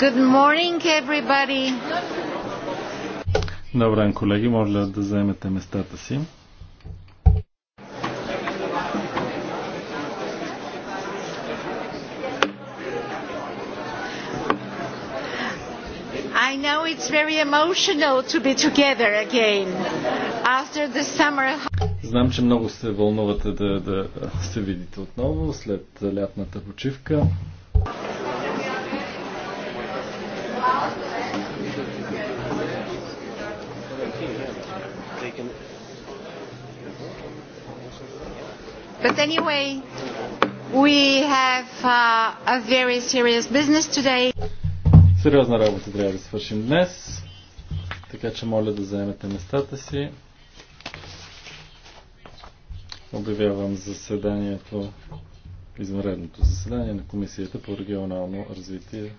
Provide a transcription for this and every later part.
Good morning, everybody. Добре, колеги, може ли да заемете местата си? I know it's very emotional to be together again after the summer. Знам, че много се вълнувате да, да се видите отново след лятната почивка. But anyway, we have uh, a very serious business today. Сериозна работа трябва да свършим днес, така че моля да заемете местата си. Обявявам заседанието, извънредното заседание на Комисията по регионално развитие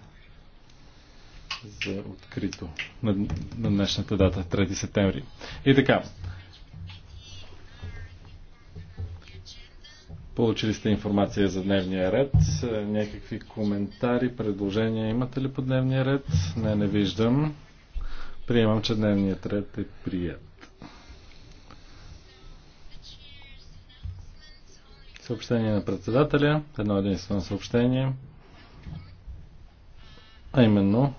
за открито на, на днешната дата, 3 септември. И така, Получили сте информация за дневния ред. Някакви коментари, предложения имате ли по дневния ред? Не, не виждам. Приемам, че дневният ред е прият. Съобщение на председателя. Едно единствено съобщение. А именно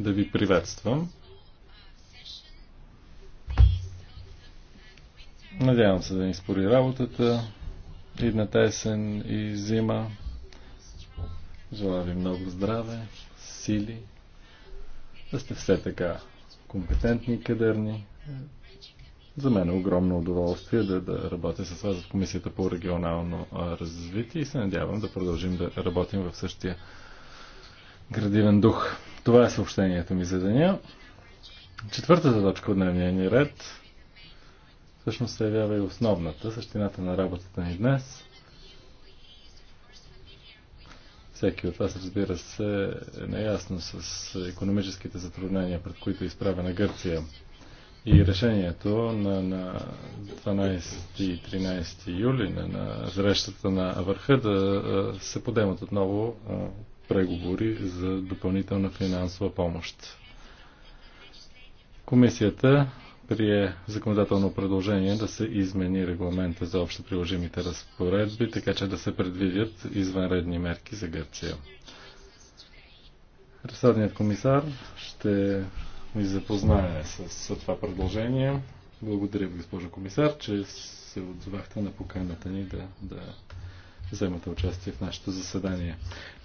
да ви приветствам. Надявам се да ни спори работата идната есен и зима. Желая ви много здраве, сили, да сте все така компетентни и кадърни. За мен е огромно удоволствие да, да работя с вас в Комисията по регионално развитие и се надявам да продължим да работим в същия градивен дух. Това е съобщението ми за деня. Четвъртата точка от дневния ни ред всъщност се явява и основната, същината на работата ни днес. Всеки от вас, разбира се, е наясно с економическите затруднения, пред които е изправена Гърция. И решението на, на 12 и 13 юли на, на срещата на върха да се подемат отново преговори за допълнителна финансова помощ. Комисията прие законодателно предложение да се измени регламента за общо приложимите разпоредби, така че да се предвидят извънредни мерки за Гърция. Ресадният комисар ще ни запознае с, с това предложение. Благодаря ви, госпожо комисар, че се отзовахте на поканата ни да, да вземате участие в нашето заседание.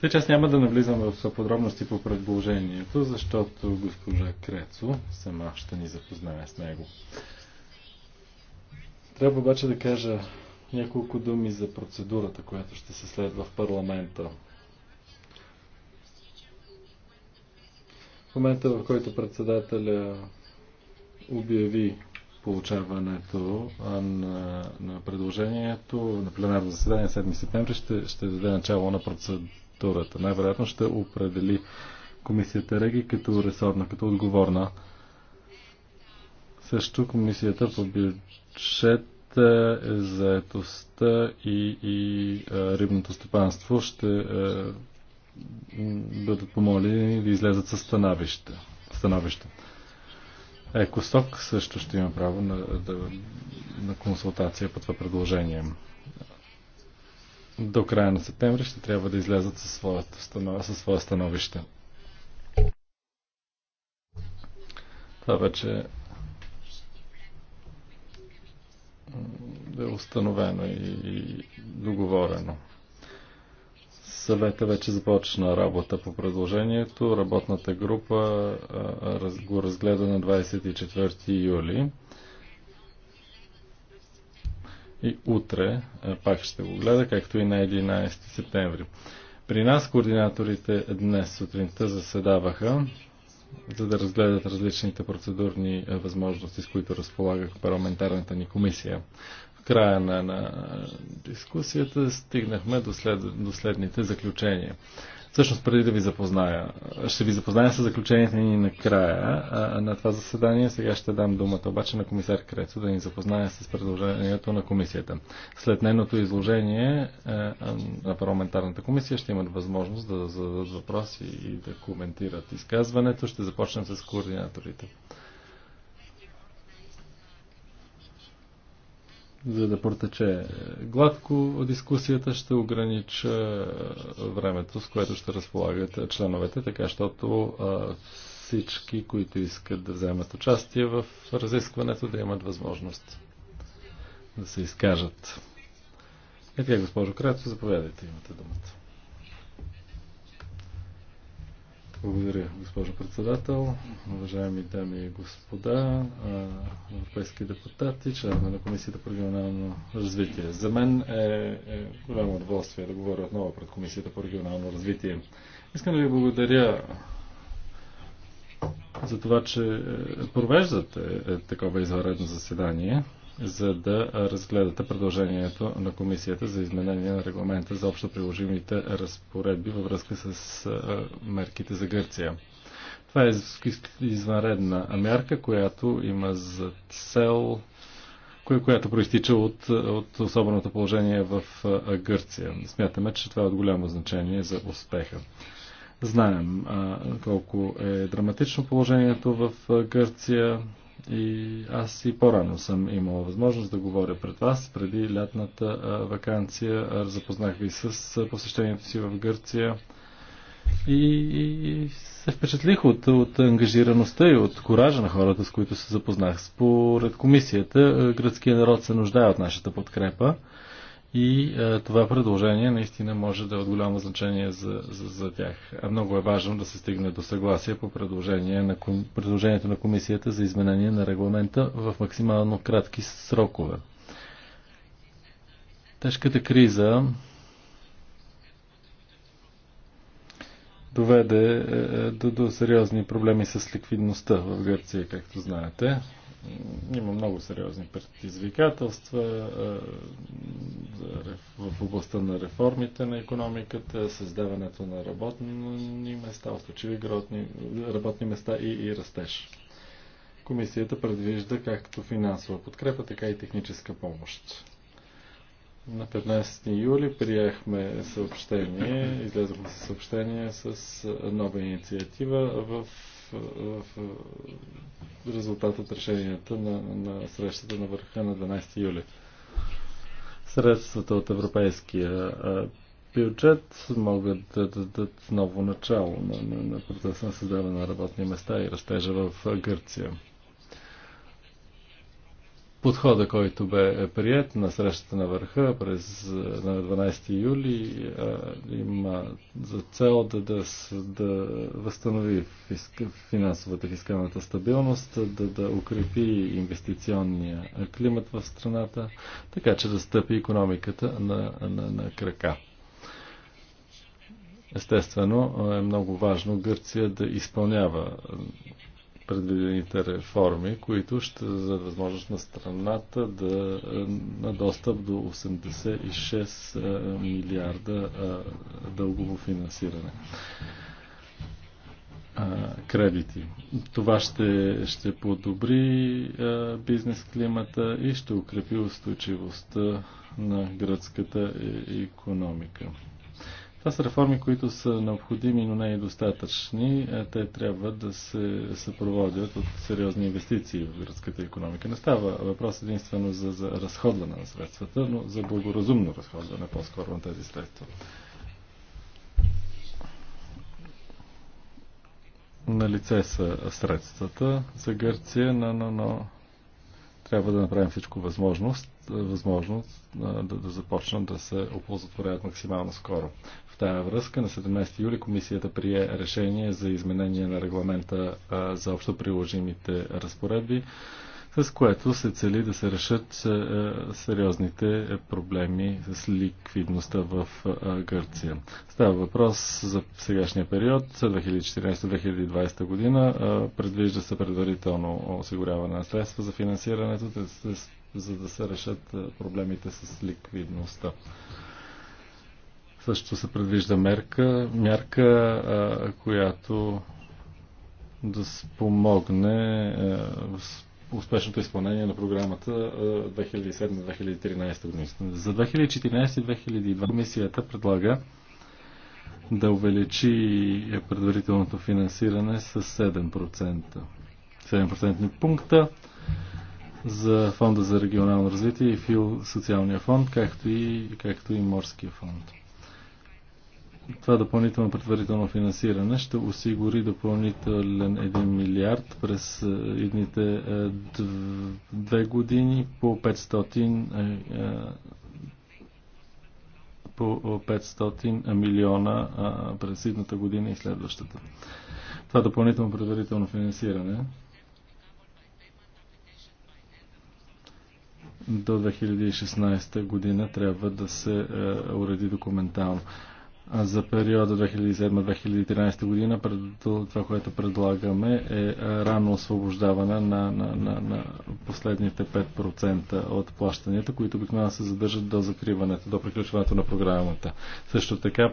Тъй, аз няма да навлизам в подробности по предложението, защото госпожа Крецо сама ще ни запознае с него. Трябва обаче да кажа няколко думи за процедурата, която ще се следва в парламента. В момента, в който председателя обяви получаването на, на предложението на пленарно заседание 7 септември ще, ще даде начало на процедурата. Най-вероятно ще определи комисията Реги като ресорна, като отговорна. Също комисията по бюджет е, е, заетостта и, и а, е, рибното стопанство ще а, бъдат помолени да излезат със становище. становище. Екосток също ще има право на, да, на консултация по това предложение. До края на септември ще трябва да излязат със, своето, със своя становище. Това вече е установено и договорено. Съвета вече започна работа по предложението. Работната група го разгледа на 24 юли. И утре пак ще го гледа, както и на 11 септември. При нас координаторите днес сутринта заседаваха, за да разгледат различните процедурни възможности, с които разполагах парламентарната ни комисия края на, на дискусията стигнахме до, след, до следните заключения. Всъщност, преди да ви запозная, ще ви запозная с заключенията ни накрая а, на това заседание. Сега ще дам думата обаче на комисар Крецо да ни запознае с предложението на комисията. След нейното изложение а, е, е, на парламентарната комисия ще имат възможност да зададат въпроси и да коментират изказването. Ще започнем с координаторите. за да протече гладко дискусията, ще огранича времето, с което ще разполагат членовете, така щото всички, които искат да вземат участие в разискването, да имат възможност да се изкажат. Ето, госпожо Крецо, заповядайте, имате думата. Благодаря, госпожо председател, уважаеми дами и господа, европейски депутати, членове на Комисията по регионално развитие. За мен е, е голямо удоволствие да говоря отново пред Комисията по регионално развитие. Искам да ви благодаря за това, че е, провеждате е, такова извънредно заседание за да разгледате предложението на Комисията за изменение на регламента за общо приложимите разпоредби във връзка с мерките за Гърция. Това е извънредна мярка, която има за цел която проистича от, от особеното положение в Гърция. Смятаме, че това е от голямо значение за успеха. Знаем а, колко е драматично положението в Гърция. И аз и по-рано съм имал възможност да говоря пред вас. Преди лятната вакансия запознах ви с посещението си в Гърция и, и се впечатлих от, от ангажираността и от коража на хората, с които се запознах. Според комисията, гръцкият народ се нуждае от нашата подкрепа. И е, това предложение наистина може да е от голямо значение за, за, за тях. А много е важно да се стигне до съгласие по предложение на, предложението на комисията за изменение на регламента в максимално кратки срокове. Тежката криза доведе е, е до, до сериозни проблеми с ликвидността в Гърция, както знаете има много сериозни предизвикателства в областта на реформите на економиката, създаването на работни места, устойчиви работни места и, и растеж. Комисията предвижда както финансова подкрепа, така и техническа помощ. На 15 юли приехме съобщение, излезохме съобщение с нова инициатива в в резултат от решенията на, на срещата на върха на 12 юли. Средствата от европейския бюджет могат да дадат ново начало на, на, на процеса на създаване на работни места и растежа в Гърция подхода, който бе е прият на срещата на върха през е, на 12 юли, а, е, има за цел да, да, да възстанови финансовата фискалната стабилност, да, да укрепи инвестиционния климат в страната, така че да стъпи економиката на, на, на крака. Естествено, е много важно Гърция да изпълнява предвидените реформи, които ще дадат възможност на страната да е, на достъп до 86 е, милиарда е, дългово финансиране кредити. Това ще, ще подобри бизнес климата и ще укрепи устойчивостта на гръцката економика. Това са реформи, които са необходими, но не и достатъчни. Е, те трябва да се съпроводят от сериозни инвестиции в гръцката економика. Не става въпрос единствено за, за разходване на средствата, но за благоразумно разходване по-скоро на тези средства. На лице са средствата за Гърция, но, но, но трябва да направим всичко възможност е, възможност е, да, да започнат да се оползотворяват максимално скоро. В тази връзка на 17 юли комисията прие решение за изменение на регламента е, за общо приложимите разпоредби, с което се цели да се решат сериозните проблеми с ликвидността в Гърция. Става въпрос за сегашния период, 2014-2020 година. Предвижда се предварително осигуряване на средства за финансирането за да се решат е, проблемите с ликвидността. Също се предвижда мерка, мярка, която да спомогне е, успешното изпълнение на програмата 2007-2013 е, година. За 2014-2020 комисията предлага да увеличи предварителното финансиране с 7%. 7% пункта за Фонда за регионално развитие и ФИЛ социалния фонд, както и, както и Морския фонд. Това допълнително предварително финансиране ще осигури допълнителен 1 милиард през е, едните е, две години по 500 е, по 500 милиона през едната година и следващата. Това допълнително предварително финансиране до 2016 година трябва да се е, уреди документално. А за периода 2007-2013 година пред, това, което предлагаме е, е рано освобождаване на, на, на, на последните 5% от плащанията, които обикновено се задържат до закриването, до приключването на програмата. Също така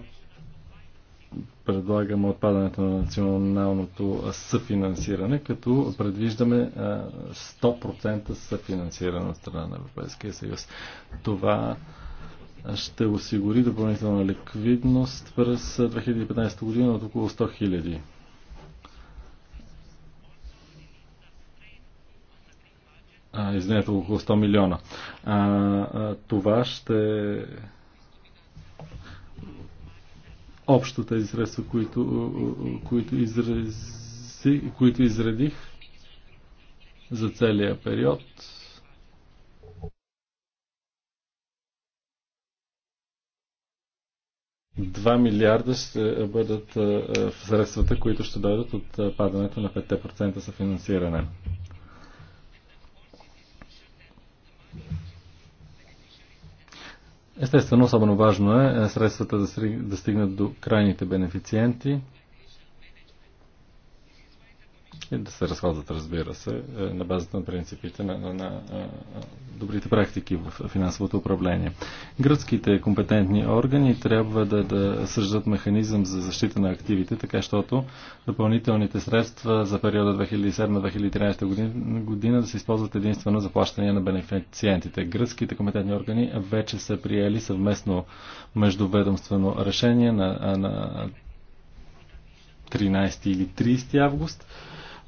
предлагаме отпадането на националното съфинансиране, като предвиждаме 100% съфинансиране от страна на Европейския съюз. Това ще осигури допълнителна ликвидност през 2015 година от около 100 хиляди. Извинете, около 100 милиона. А, това ще общо тези средства, които, които, изрази, които изредих за целия период. Два милиарда ще бъдат е, е, в средствата, които ще дойдат от е, падането на 5% за финансиране. Естествено, особено важно е, е средствата да стигнат до крайните бенефициенти, и да се разходват, разбира се, е, на базата на принципите на, на, на е, добрите практики в финансовото управление. Гръцките компетентни органи трябва да, да съждат механизъм за защита на активите, така щото допълнителните средства за периода 2007-2013 година, година да се използват единствено за плащания на бенефициентите. Гръцките компетентни органи вече са приели съвместно междуведомствено решение на, на 13 или 30 август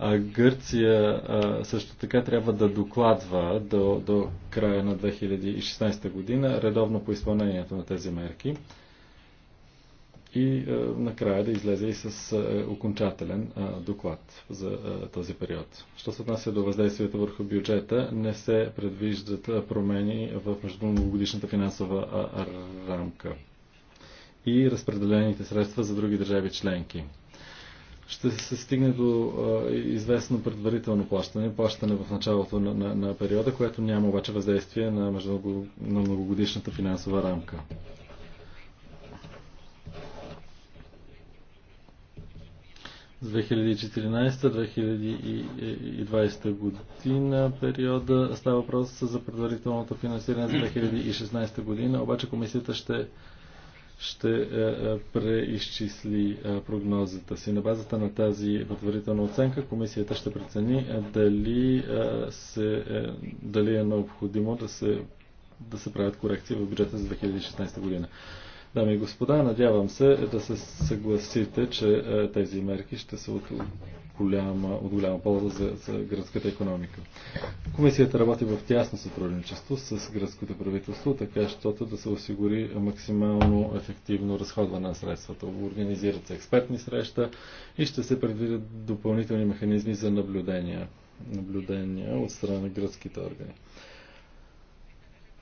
а Гърция също така трябва да докладва до, до края на 2016 година редовно по изпълнението на тези мерки и накрая да излезе и с окончателен доклад за този период. Що се отнася до въздействието върху бюджета, не се предвиждат промени в междуногодишната финансова рамка и разпределените средства за други държави членки ще се стигне до а, известно предварително плащане, плащане в началото на, на, на периода, което няма обаче въздействие на, между, на многогодишната финансова рамка. С 2014-2020 година периода става въпрос за предварителното финансиране за 2016 година, обаче комисията ще ще е, е, преизчисли е, прогнозата си. На базата на тази предварителна оценка комисията ще прецени дали, се, дали е необходимо да се, да се правят корекции в бюджета за 2016 година. Дами и господа, надявам се да се съгласите, че е, тези мерки ще са от голяма, от голяма полза за, за гръцката економика. Комисията работи в тясно сътрудничество с гръцкото правителство, така щото да се осигури максимално ефективно разходване на средствата. Организират се експертни среща и ще се предвидят допълнителни механизми за наблюдения, наблюдения от страна на гръцките органи.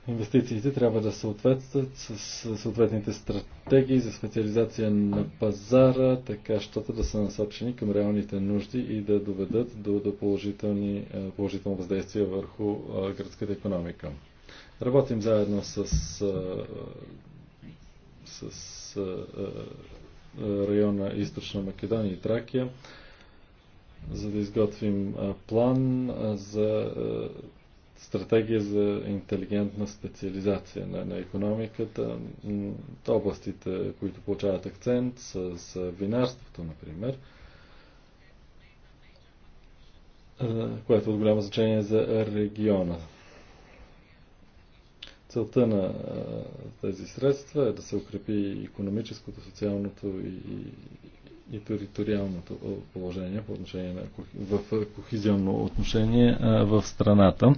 Инвестициите трябва да съответстват с съответните стратегии за специализация на пазара, така щото да са насочени към реалните нужди и да доведат до, до положителни, е, положително въздействие върху е, гръцката економика. Работим заедно с, е, с, с района Източна Македония и Тракия, за да изготвим план за стратегия за интелигентна специализация на, на економиката. Областите, които получават акцент с, с винарството, например, което е от голямо значение за региона. Целта на тези средства е да се укрепи економическото, социалното и, и териториалното положение по отношение на, в кохизионно отношение в страната.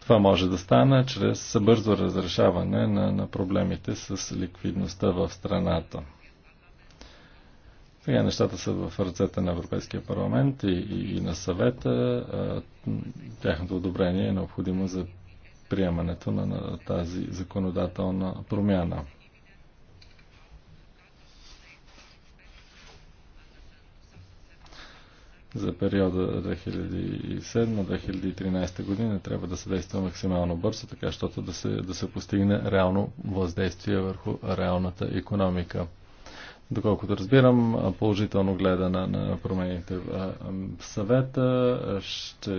Това може да стане чрез бързо разрешаване на, на проблемите с ликвидността в страната. Сега нещата са в ръцете на Европейския парламент и, и, и на съвета. Тяхното одобрение е необходимо за приемането на, на тази законодателна промяна. за периода 2007-2013 година трябва да се действа максимално бързо, така щото да се, да се постигне реално въздействие върху реалната економика. Доколкото разбирам, положително гледа на, на промените в съвета, ще е,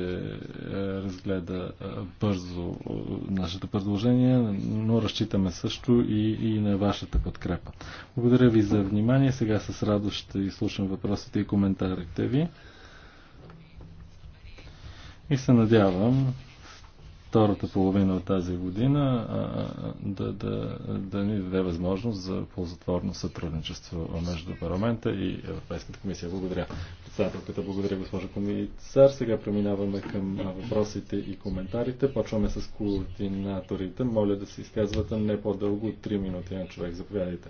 разгледа бързо нашето предложение, но разчитаме също и, и на вашата подкрепа. Благодаря ви за внимание. Сега с радост ще изслушам въпросите и коментарите ви. И се надявам втората половина от тази година да, да, да ни даде възможност за ползотворно сътрудничество между парламента и Европейската комисия. Благодаря. Председателката, благодаря госпожа комисар. Сега преминаваме към въпросите и коментарите. Почваме с координаторите. Моля да се изказвате не по-дълго от 3 минути на човек. Заповядайте.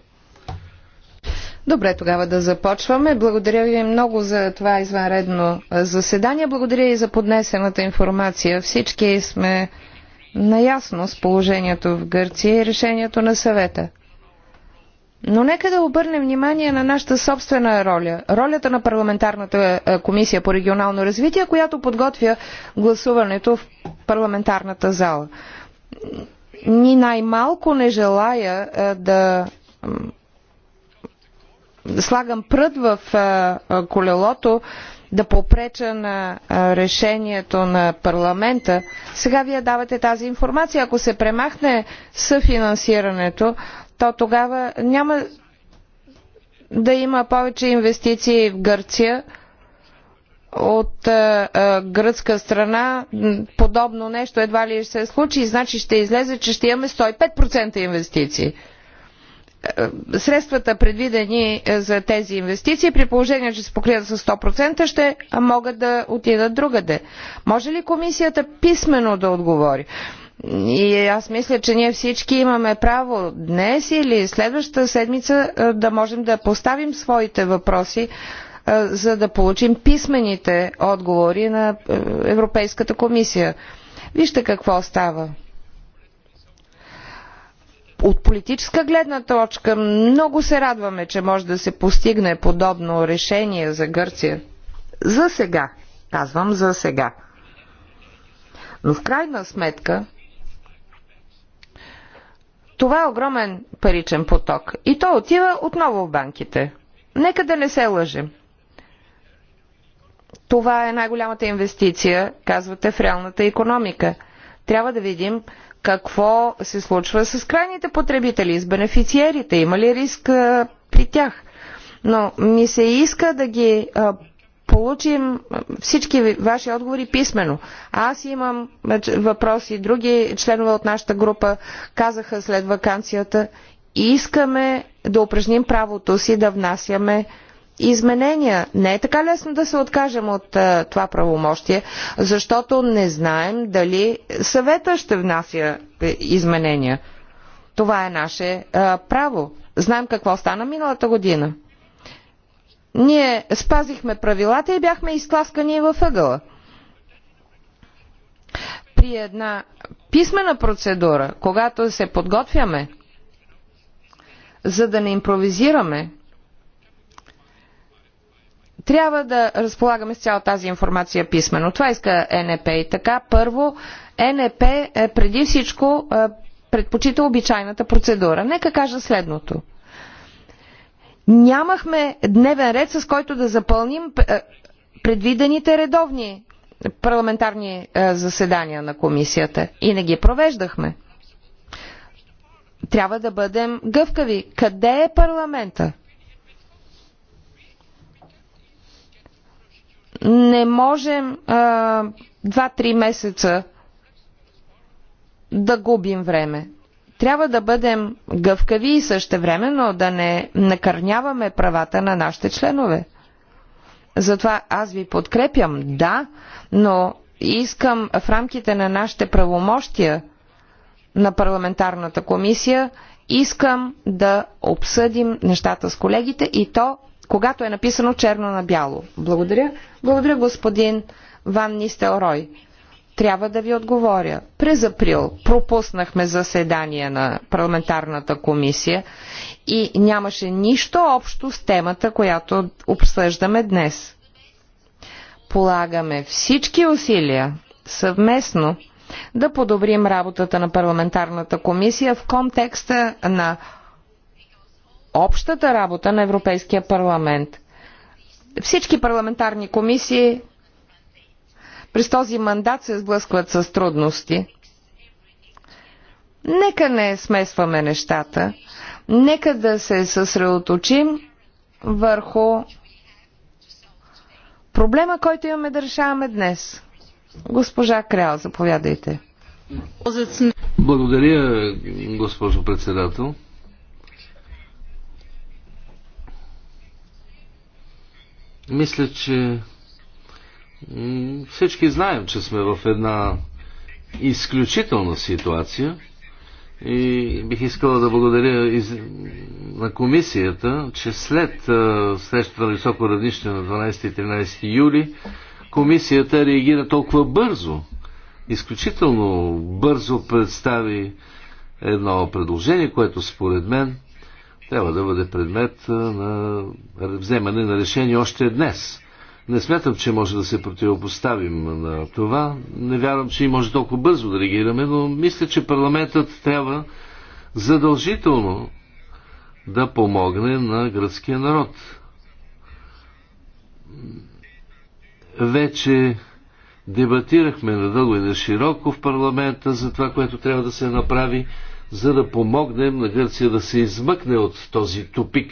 Добре, тогава да започваме. Благодаря ви много за това извънредно заседание. Благодаря и за поднесената информация. Всички сме наясно с положението в Гърция и решението на съвета. Но нека да обърнем внимание на нашата собствена роля. Ролята на парламентарната комисия по регионално развитие, която подготвя гласуването в парламентарната зала. Ни най-малко не желая да слагам прът в колелото да попреча на решението на парламента. Сега вие давате тази информация. Ако се премахне съфинансирането, то тогава няма да има повече инвестиции в Гърция от а, а, гръцка страна. Подобно нещо едва ли ще се случи. Значи ще излезе, че ще имаме 105% инвестиции. Е, средствата предвидени е, за тези инвестиции, при положение, че се покрият с 100%, ще могат да отидат другаде. Може ли комисията писмено да отговори? И аз мисля, че ние всички имаме право днес или следващата седмица е, да можем да поставим своите въпроси, за да получим писмените отговори на Европейската комисия. Вижте какво става. От политическа гледна точка много се радваме, че може да се постигне подобно решение за Гърция. За сега. Казвам за сега. Но в крайна сметка това е огромен паричен поток. И то отива отново в банките. Нека да не се лъжим. Това е най-голямата инвестиция, казвате, в реалната економика. Трябва да видим какво се случва с крайните потребители, с бенефициерите? Има ли риск а, при тях? Но ми се иска да ги а, получим всички ваши отговори писменно. Аз имам въпроси, други членове от нашата група казаха след вакансията. Искаме да упражним правото си да внасяме изменения. Не е така лесно да се откажем от а, е, това правомощие, защото не знаем дали съвета ще внася е, изменения. Това е наше а, е, право. Знаем какво стана миналата година. Ние спазихме правилата и бяхме изтласкани във ъгъла. При една писмена процедура, когато се подготвяме, за да не импровизираме, трябва да разполагаме с цялата тази информация писменно. Това иска НП и така. Първо, НП е преди всичко е, предпочита обичайната процедура. Нека кажа следното. Нямахме дневен ред, с който да запълним е, предвидените редовни парламентарни заседания на комисията и не ги провеждахме. Трябва да бъдем гъвкави. Къде е парламента? не можем 2-3 месеца да губим време. Трябва да бъдем гъвкави и същевременно да не накърняваме правата на нашите членове. Затова аз ви подкрепям, да, но искам в рамките на нашите правомощия на парламентарната комисия, искам да обсъдим нещата с колегите и то когато е написано черно на бяло. Благодаря. Благодаря, господин Ван Нистелрой. Трябва да ви отговоря. През април пропуснахме заседание на парламентарната комисия и нямаше нищо общо с темата, която обсъждаме днес. Полагаме всички усилия съвместно да подобрим работата на парламентарната комисия в контекста на общата работа на Европейския парламент. Всички парламентарни комисии през този мандат се сблъскват с трудности. Нека не смесваме нещата. Нека да се съсредоточим върху проблема, който имаме да решаваме днес. Госпожа Крял, заповядайте. Благодаря, госпожо председател. Мисля, че всички знаем, че сме в една изключителна ситуация и бих искала да благодаря из... на комисията, че след срещата на високо равнище на 12 и 13 юли комисията реагира толкова бързо. Изключително бързо представи едно предложение, което според мен трябва да бъде предмет на вземане на решение още днес. Не смятам, че може да се противопоставим на това. Не вярвам, че и може толкова бързо да реагираме, но мисля, че парламентът трябва задължително да помогне на гръцкия народ. Вече дебатирахме надълго и на широко в парламента за това, което трябва да се направи за да помогнем на Гърция да се измъкне от този тупик.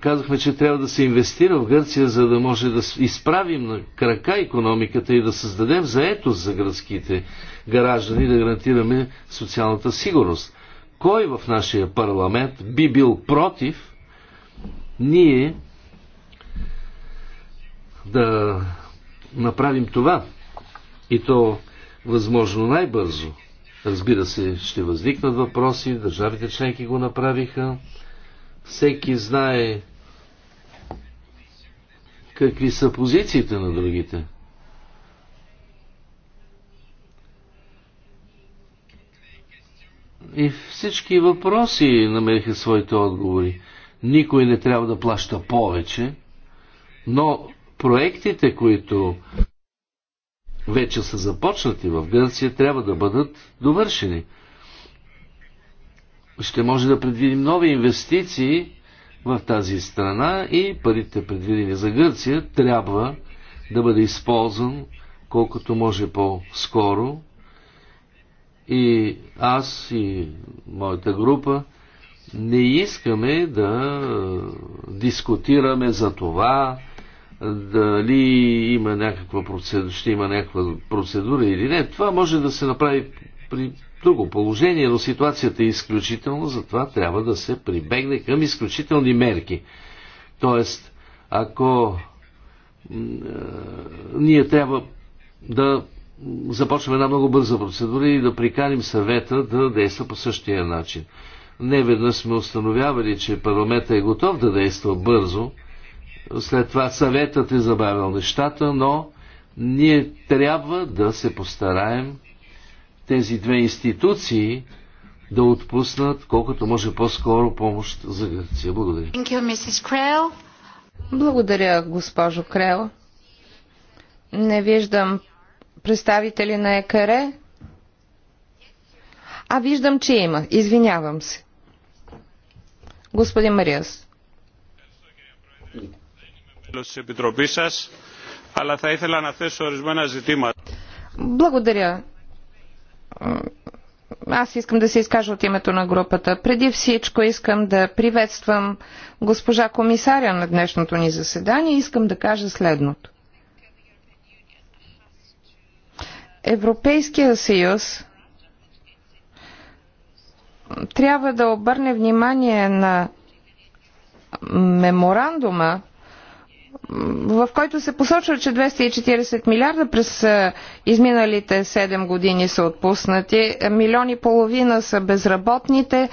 Казахме, че трябва да се инвестира в Гърция, за да може да изправим на крака економиката и да създадем заетост за гръцките граждани, да гарантираме социалната сигурност. Кой в нашия парламент би бил против ние да направим това? И то възможно най-бързо. Разбира се, ще възникнат въпроси, държавите членки го направиха. Всеки знае какви са позициите на другите. И всички въпроси намериха своите отговори. Никой не трябва да плаща повече, но проектите, които вече са започнати в Гърция, трябва да бъдат довършени. Ще може да предвидим нови инвестиции в тази страна и парите предвидени за Гърция трябва да бъде използван колкото може по-скоро. И аз и моята група не искаме да дискутираме за това дали има някаква процедура, ще има някаква процедура или не, това може да се направи при друго положение, но ситуацията е изключителна, затова трябва да се прибегне към изключителни мерки. Тоест, ако е, ние трябва да започваме една много бърза процедура и да приканим съвета да действа по същия начин. Не веднъж сме установявали, че парламентът е готов да действа бързо, след това съветът е забавил нещата, но ние трябва да се постараем тези две институции да отпуснат колкото може по-скоро помощ за Гърция. Благодаря. You, Благодаря, госпожо Крел. Не виждам представители на ЕКР. А виждам, че има. Извинявам се. Господин Мариас. Благодаря. Аз искам да се изкажа от името на групата. Преди всичко искам да приветствам госпожа комисаря на днешното ни заседание и искам да кажа следното. Европейския съюз трябва да обърне внимание на меморандума, в който се посочва, че 240 милиарда през изминалите 7 години са отпуснати, милиони и половина са безработните,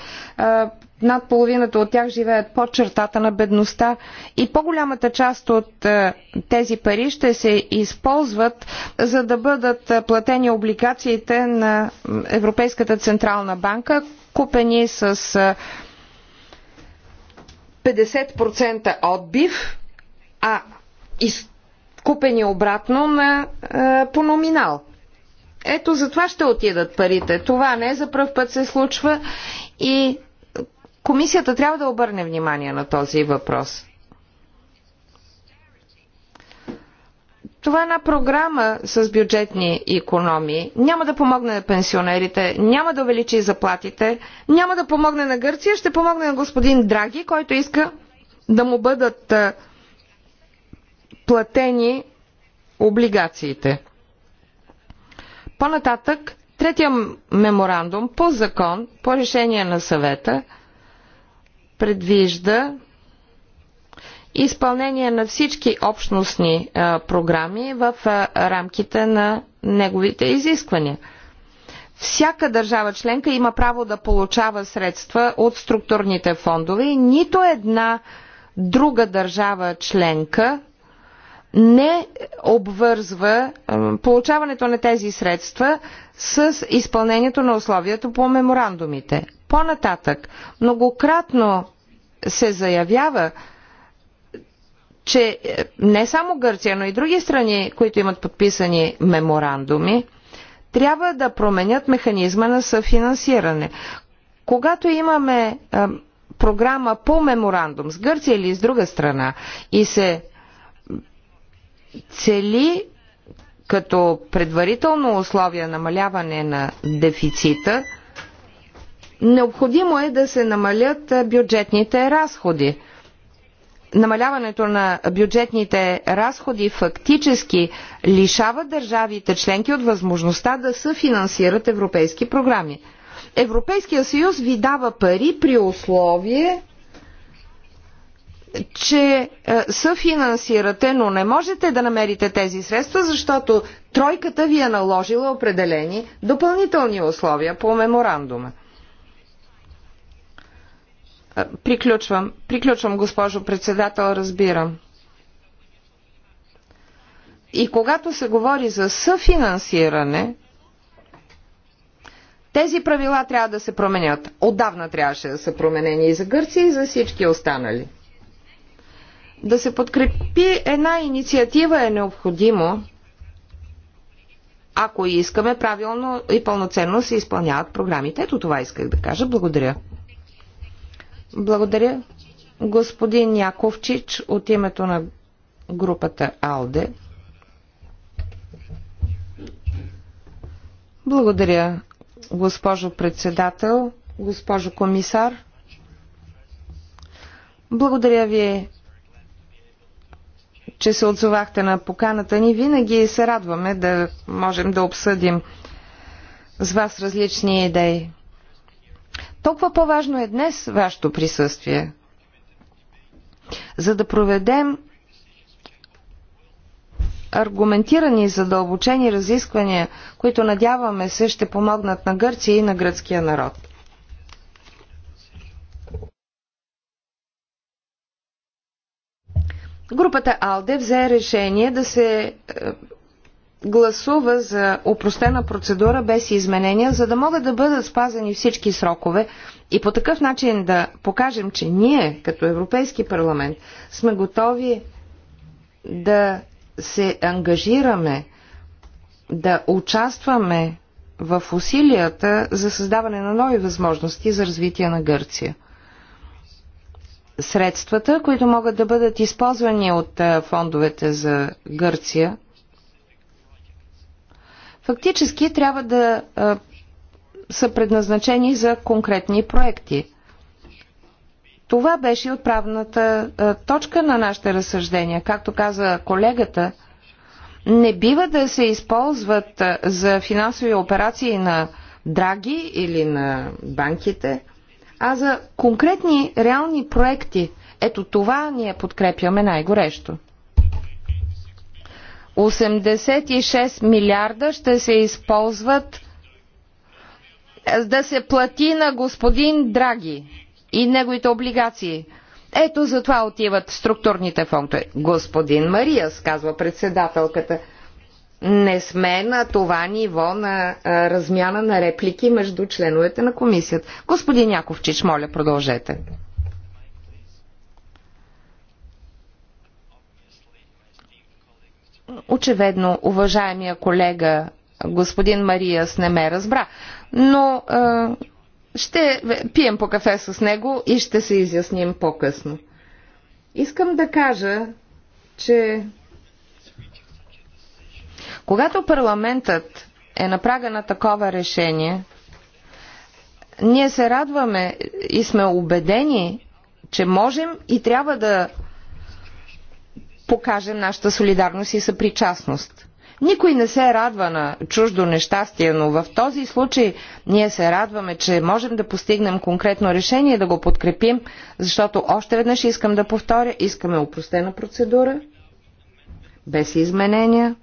над половината от тях живеят под чертата на бедността и по-голямата част от тези пари ще се използват за да бъдат платени облигациите на Европейската Централна банка, купени с 50% отбив а изкупени обратно на, а, по номинал. Ето за това ще отидат парите. Това не за пръв път се случва и комисията трябва да обърне внимание на този въпрос. Това е една програма с бюджетни економии. Няма да помогне на пенсионерите, няма да увеличи заплатите, няма да помогне на Гърция, ще помогне на господин Драги, който иска да му бъдат платени облигациите. По-нататък, третия меморандум по закон, по решение на съвета, предвижда изпълнение на всички общностни а, програми в а, рамките на неговите изисквания. Всяка държава членка има право да получава средства от структурните фондове и нито една друга държава членка не обвързва получаването на тези средства с изпълнението на условията по меморандумите. По-нататък, многократно се заявява, че е, не само Гърция, но и други страни, които имат подписани меморандуми, трябва да променят механизма на съфинансиране. Когато имаме програма по меморандум с Гърция или с друга страна и се цели като предварително условие намаляване на дефицита, необходимо е да се намалят бюджетните разходи. Намаляването на бюджетните разходи фактически лишава държавите членки от възможността да съфинансират европейски програми. Европейския съюз ви дава пари при условие, че е, съфинансирате, но не можете да намерите тези средства, защото тройката ви е наложила определени допълнителни условия по меморандума. Е, приключвам. Приключвам, госпожо председател, разбирам. И когато се говори за съфинансиране, тези правила трябва да се променят. Отдавна трябваше да са променени и за Гърция, и за всички останали. Да се подкрепи една инициатива е необходимо, ако искаме правилно и пълноценно се изпълняват програмите. Ето това исках да кажа. Благодаря. Благодаря. Господин Яковчич от името на групата АЛДЕ. Благодаря, госпожо председател, госпожо комисар. Благодаря ви че се отзовахте на поканата ни. Винаги се радваме да можем да обсъдим с вас различни идеи. Толкова по-важно е днес вашето присъствие, за да проведем аргументирани и задълбочени разисквания, които надяваме се ще помогнат на Гърция и на гръцкия народ. групата АЛДЕ взе решение да се е, гласува за упростена процедура без изменения, за да могат да бъдат спазени всички срокове и по такъв начин да покажем, че ние, като Европейски парламент, сме готови да се ангажираме, да участваме в усилията за създаване на нови възможности за развитие на Гърция средствата, които могат да бъдат използвани от фондовете за Гърция, фактически трябва да са предназначени за конкретни проекти. Това беше отправната точка на нашите разсъждения. Както каза колегата, не бива да се използват за финансови операции на драги или на банките – а за конкретни реални проекти. Ето това ние подкрепяме най-горещо. 86 милиарда ще се използват е, да се плати на господин Драги и неговите облигации. Ето за това отиват структурните фондове. Господин Мария, казва председателката не сме на това ниво на а, размяна на реплики между членовете на комисията. Господин Яковчич, моля, продължете. Очевидно, уважаемия колега господин Мариас не ме разбра, но а, ще пием по кафе с него и ще се изясним по-късно. Искам да кажа, че когато парламентът е на прага на такова решение, ние се радваме и сме убедени, че можем и трябва да покажем нашата солидарност и съпричастност. Никой не се радва на чуждо нещастие, но в този случай ние се радваме, че можем да постигнем конкретно решение и да го подкрепим, защото още веднъж искам да повторя, искаме опростена процедура, без изменения,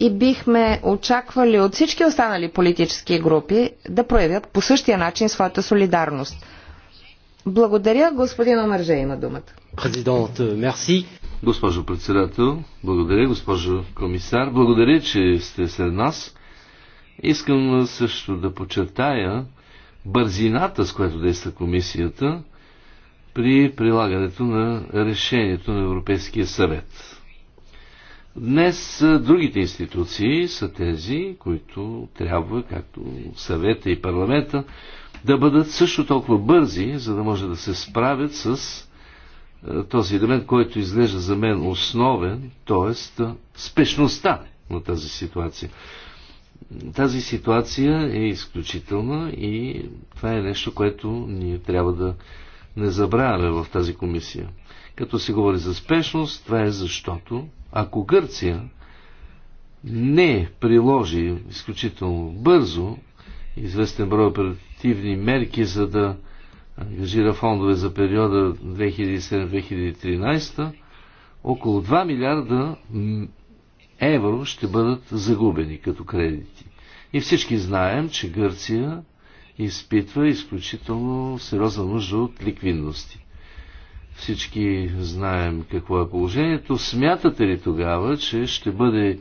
и бихме очаквали от всички останали политически групи да проявят по същия начин своята солидарност. Благодаря, господин Омърже има думата. Президент, мерси. Госпожо председател, благодаря, госпожо комисар, благодаря, че сте сред нас. Искам също да подчертая бързината, с която действа комисията при прилагането на решението на Европейския съвет. Днес другите институции са тези, които трябва, както съвета и парламента, да бъдат също толкова бързи, за да може да се справят с този елемент, който изглежда за мен основен, т.е. спешността на тази ситуация. Тази ситуация е изключителна и това е нещо, което ние трябва да не забравяме в тази комисия. Като се говори за спешност, това е защото ако Гърция не приложи изключително бързо известен брой оперативни мерки, за да ангажира фондове за периода 2007-2013, около 2 милиарда евро ще бъдат загубени като кредити. И всички знаем, че Гърция изпитва изключително сериозна нужда от ликвидности. Всички знаем какво е положението. Смятате ли тогава, че ще бъде е,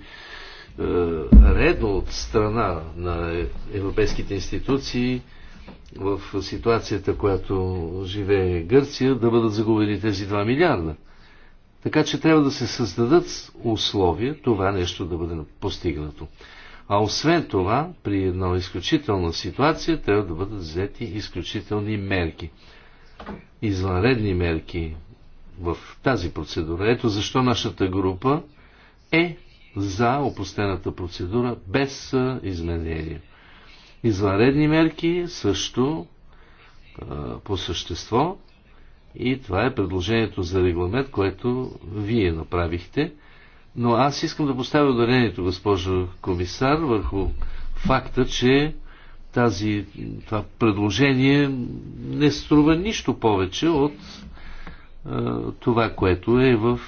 редно от страна на европейските институции в ситуацията, която живее Гърция, да бъдат загубени тези 2 милиарда. Така че трябва да се създадат условия това нещо да бъде постигнато. А освен това, при една изключителна ситуация трябва да бъдат взети изключителни мерки извънредни мерки в тази процедура. Ето защо нашата група е за опустената процедура без изменение. Извънредни мерки също по същество и това е предложението за регламент, което вие направихте. Но аз искам да поставя ударението, госпожо комисар, върху факта, че тази, това предложение не струва нищо повече от това, което е в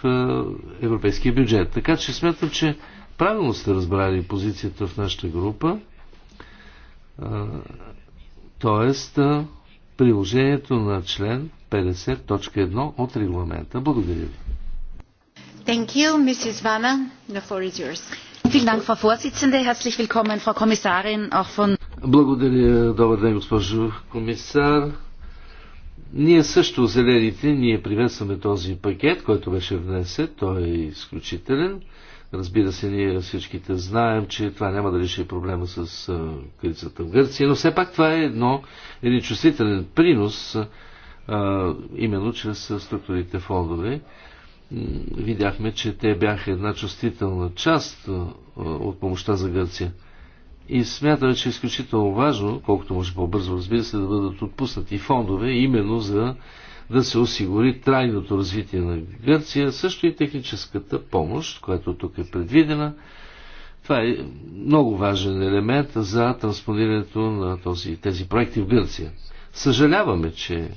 европейския бюджет. Така че смятам, че правилно сте разбрали позицията в нашата група. Тоест, приложението на член 50.1 от регламента. Благодаря ви. Thank you, Mrs. Vanna. The floor is yours. Vielen Dank, Frau Vorsitzende. Herzlich willkommen, Frau Kommissarin, auch von благодаря. Добър ден, госпожо комисар. Ние също, зелените, ние приветстваме този пакет, който беше внесен. Той е изключителен. Разбира се, ние всичките знаем, че това няма да реши проблема с кризата в Гърция, но все пак това е едно, един чувствителен принос, а, именно чрез структурите фондове. Видяхме, че те бяха една чувствителна част от помощта за Гърция. И смятаме, че е изключително важно, колкото може по-бързо, разбира се, да бъдат отпуснати фондове, именно за да се осигури трайното развитие на Гърция, също и техническата помощ, която тук е предвидена. Това е много важен елемент за транспонирането на този, тези проекти в Гърция. Съжаляваме, че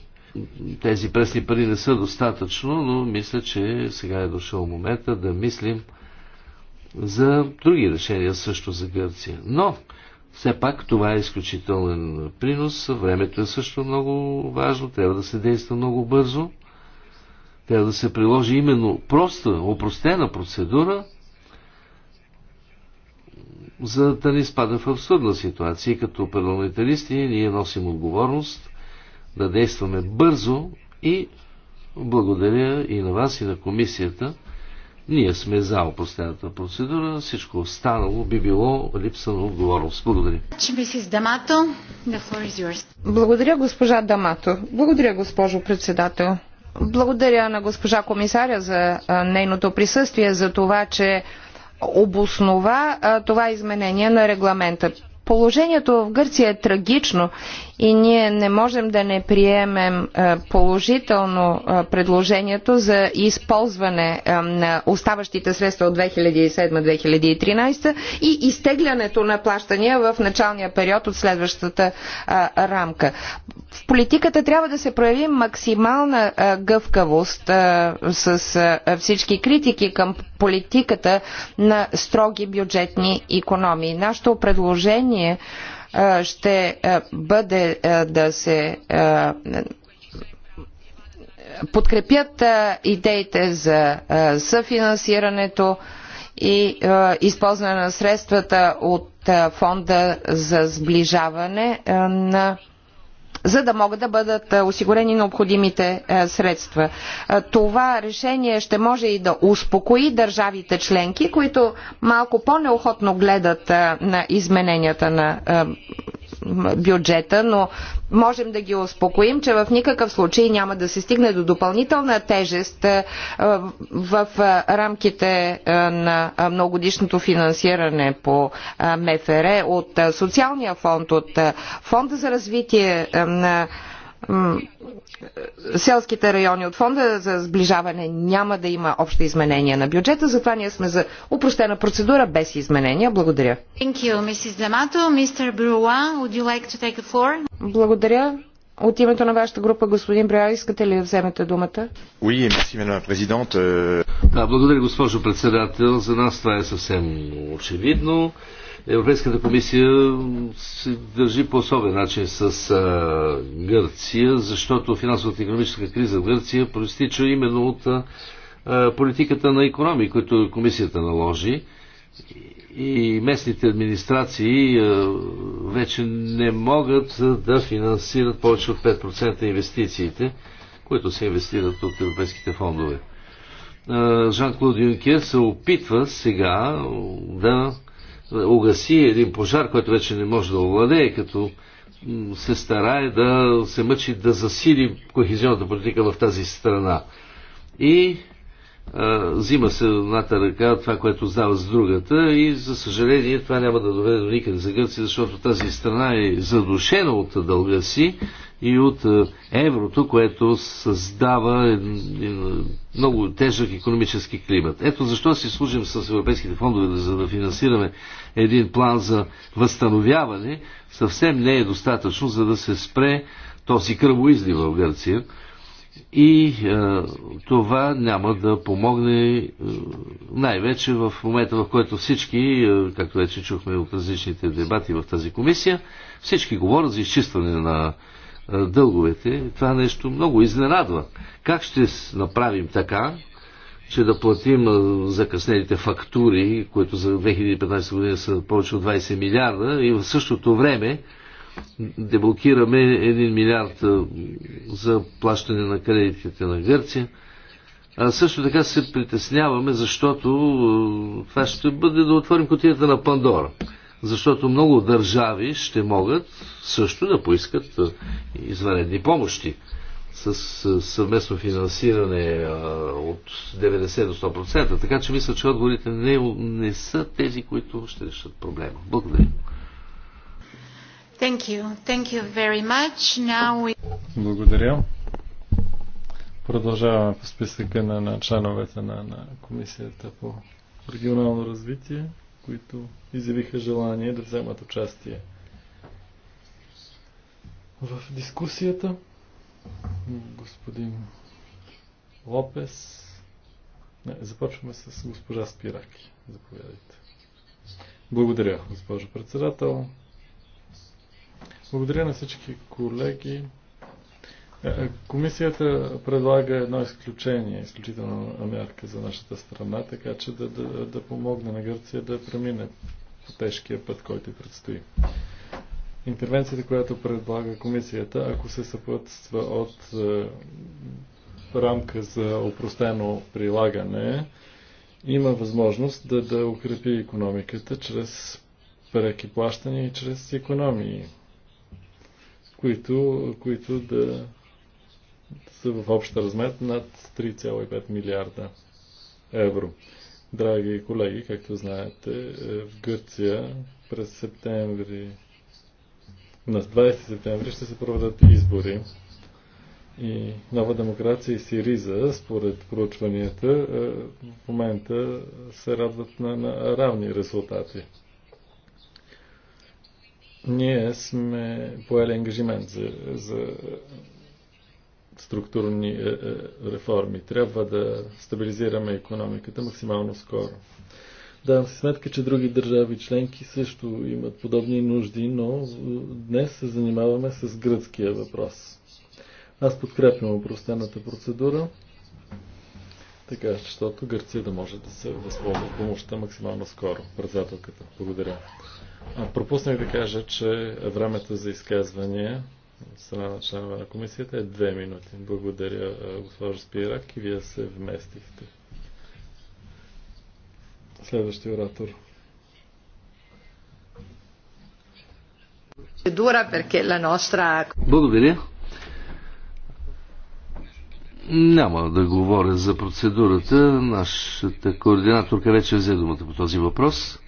тези пресни пари не са достатъчно, но мисля, че сега е дошъл момента да мислим за други решения също за Гърция. Но, все пак това е изключителен принос. Времето е също много важно. Трябва да се действа много бързо. Трябва да се приложи именно проста, опростена процедура, за да не изпада в абсурдна ситуация. Като парламентаристи ние носим отговорност да действаме бързо и благодаря и на вас, и на комисията ние сме за опустената процедура, всичко останало би било липса на отговорност. Благодаря. Благодаря, госпожа Дамато. Благодаря, госпожо председател. Благодаря на госпожа комисаря за нейното присъствие, за това, че обоснова това изменение на регламента. Положението в Гърция е трагично и ние не можем да не приемем е, положително е, предложението за използване е, на оставащите средства от 2007-2013 и изтеглянето на плащания в началния период от следващата рамка. В политиката трябва да се прояви максимална гъвкавост с всички критики към политиката на строги бюджетни економии. Нашето предложение е ще бъде да се подкрепят идеите за съфинансирането и използване на средствата от фонда за сближаване на за да могат да бъдат е, осигурени необходимите е, средства. Е, това решение ще може и да успокои държавите членки, които малко по-неохотно гледат на измененията на бюджета, но можем да ги успокоим, че в никакъв случай няма да се стигне до допълнителна тежест е, в е, рамките е, на многодишното финансиране по МФР от социалния фонд, от фонда за развитие на селските райони от фонда за сближаване няма да има общи изменения на бюджета, затова ние сме за упростена процедура без изменения. Благодаря. Благодаря. От името на вашата група, господин Бреа, искате ли да вземете думата? Oui, merci, Да, благодаря, госпожо председател. За нас това е съвсем очевидно. Европейската комисия се държи по особен начин с а, Гърция, защото финансовата и економическа криза в Гърция проистича именно от а, политиката на економии, които комисията наложи и местните администрации вече не могат да финансират повече от 5% инвестициите, които се инвестират от европейските фондове. Жан-Клод Юнкер се опитва сега да угаси един пожар, който вече не може да овладее, като се старае да се мъчи да засили кохезионната политика в тази страна. И взима се едната ръка това, което знава с другата и за съжаление това няма да доведе до никъде за Гърция, защото тази страна е задушена от дълга си и от еврото, което създава много тежък економически климат. Ето защо си служим с европейските фондове, за да финансираме един план за възстановяване, съвсем не е достатъчно, за да се спре този кръвоизлив в Гърция и е, това няма да помогне е, най-вече в момента, в който всички, е, както вече чухме от различните дебати в тази комисия, всички говорят за изчистване на е, дълговете. Това нещо много изненадва. Как ще направим така, че да платим е, закъснелите фактури, които за 2015 година са повече от 20 милиарда и в същото време деблокираме 1 милиард за плащане на кредитите на Гърция. А също така се притесняваме, защото това ще бъде да отворим котията на Пандора. Защото много държави ще могат също да поискат извънредни помощи с съвместно финансиране от 90 до 100%. Така че мисля, че отговорите не, не са тези, които ще решат проблема. Благодаря. Thank you. Thank you very much. Now we... Благодаря. Продължаваме по списъка на, на членовете на, на Комисията по регионално развитие, които изявиха желание да вземат участие в дискусията. Господин Лопес. Не, започваме с госпожа Спираки. Заповядайте. Благодаря, госпожо председател. Благодаря на всички колеги. Е, е, комисията предлага едно изключение, изключително мярка за нашата страна, така че да, да, да помогне на Гърция да премине по тежкия път, който предстои. Интервенцията, която предлага комисията, ако се съпътства от е, рамка за опростено прилагане, има възможност да, да укрепи економиката чрез преки плащания и чрез економии които, които да са в общ размер над 3,5 милиарда евро. Драги колеги, както знаете, е, в Гърция през септември, на 20 септември ще се проведат избори и нова демокрация и Сириза, според проучванията, е, в момента се радват на, на равни резултати. Ние сме поели ангажимент за, за структурни е, е, реформи. Трябва да стабилизираме економиката максимално скоро. Давам си сметка, че други държави членки също имат подобни нужди, но днес се занимаваме с гръцкия въпрос. Аз подкрепям упростената процедура, така, защото Гърция да може да се възползва помощта максимално скоро. Председателката. Благодаря. Пропуснах да кажа, че времето за изказвания от страна на членове на комисията е две минути. Благодаря, госпожо Спирак, и вие се вместихте. Следващия оратор. Благодаря. Няма да говоря за процедурата. Нашата координаторка вече взе думата по този въпрос.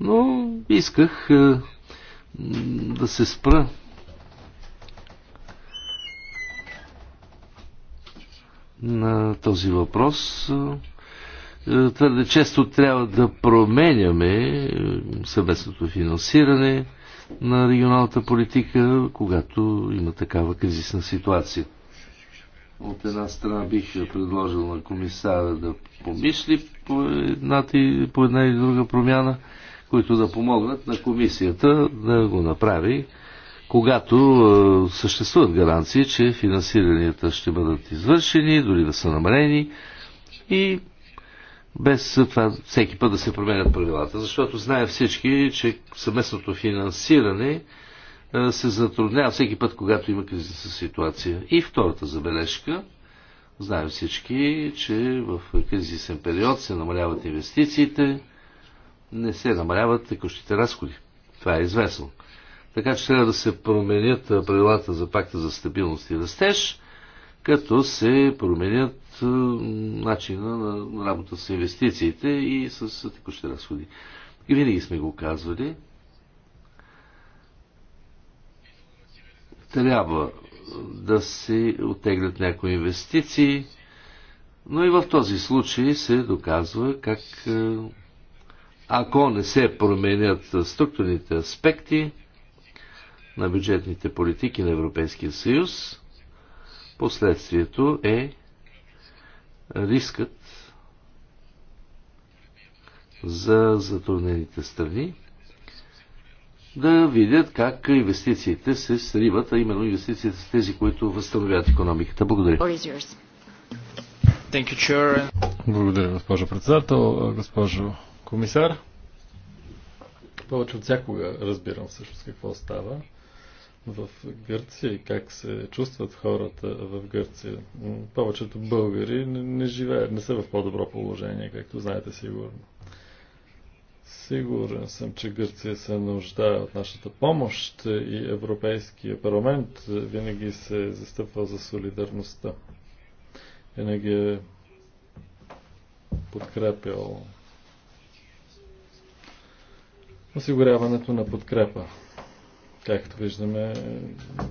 Но исках е, да се спра на този въпрос. Е, е, твърде често трябва да променяме съвместното финансиране на регионалната политика, когато има такава кризисна ситуация. От една страна бих предложил на комисара да помисли по, по една или друга промяна, които да помогнат на комисията да го направи, когато е, съществуват гаранции, че финансиранията ще бъдат извършени, дори да са намалени и без това всеки път да се променят правилата. Защото знае всички, че съместното финансиране е, се затруднява всеки път, когато има кризисна ситуация. И втората забележка, знаем всички, че в кризисен период се намаляват инвестициите, не се намаляват текущите разходи. Това е известно. Така че трябва да се променят правилата за пакта за стабилност и растеж, като се променят начина на работа с инвестициите и с текущите разходи. И винаги сме го казвали. Трябва да се отеглят някои инвестиции, но и в този случай се доказва как ако не се променят структурните аспекти на бюджетните политики на Европейския съюз, последствието е рискът за затруднените страни да видят как инвестициите се сриват, а именно инвестициите са тези, които възстановяват економиката. Благодаря. Благодаря, госпожо председател. Госпожо комисар. Повече от всякога разбирам всъщност какво става в Гърция и как се чувстват хората в Гърция. Повечето българи не, не живеят, не са в по-добро положение, както знаете сигурно. Сигурен съм, че Гърция се нуждае от нашата помощ и Европейския парламент винаги се е застъпва за солидарността. Винаги е подкрепял осигуряването на подкрепа. Както виждаме,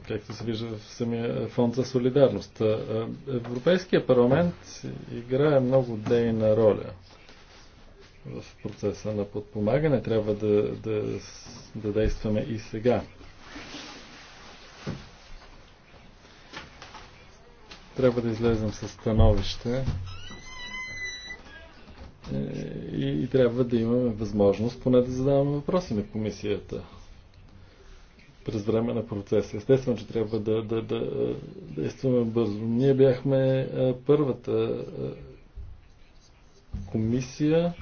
както се вижда в самия фонд за солидарност. Европейския парламент играе много дейна роля в процеса на подпомагане. Трябва да, да, да действаме и сега. Трябва да излезем с становище е, и, и трябва да имаме възможност поне да задаваме въпроси на комисията през време на процеса. Естествено, че трябва да, да, да, да е, действаме бързо. Ние бяхме е, първата комисия.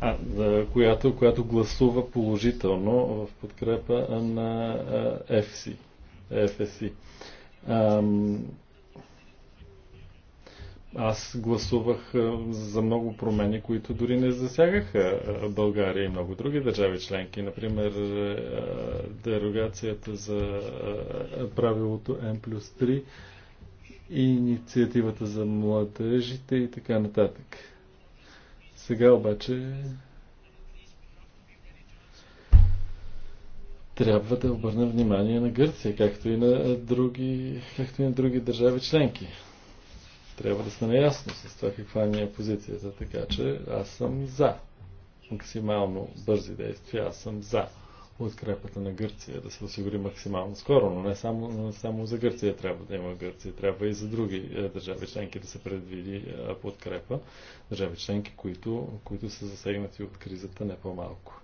А, която, която гласува положително в подкрепа на ФСИ. ФСИ. Аз гласувах за много промени, които дори не засягаха България и много други държави членки. Например, дерогацията за правилото N плюс 3 и инициативата за младежите и така нататък. Сега обаче трябва да обърнем внимание на Гърция, както и на други, както и на други държави членки трябва да сме наясно с това каква ни е позицията, така че аз съм за максимално бързи действия, аз съм за подкрепата на Гърция да се осигури максимално скоро, но не само, не само за Гърция трябва да има Гърция, трябва и за други е, държави членки да се предвиди е, подкрепа, държави членки, които, които са засегнати от кризата не по-малко.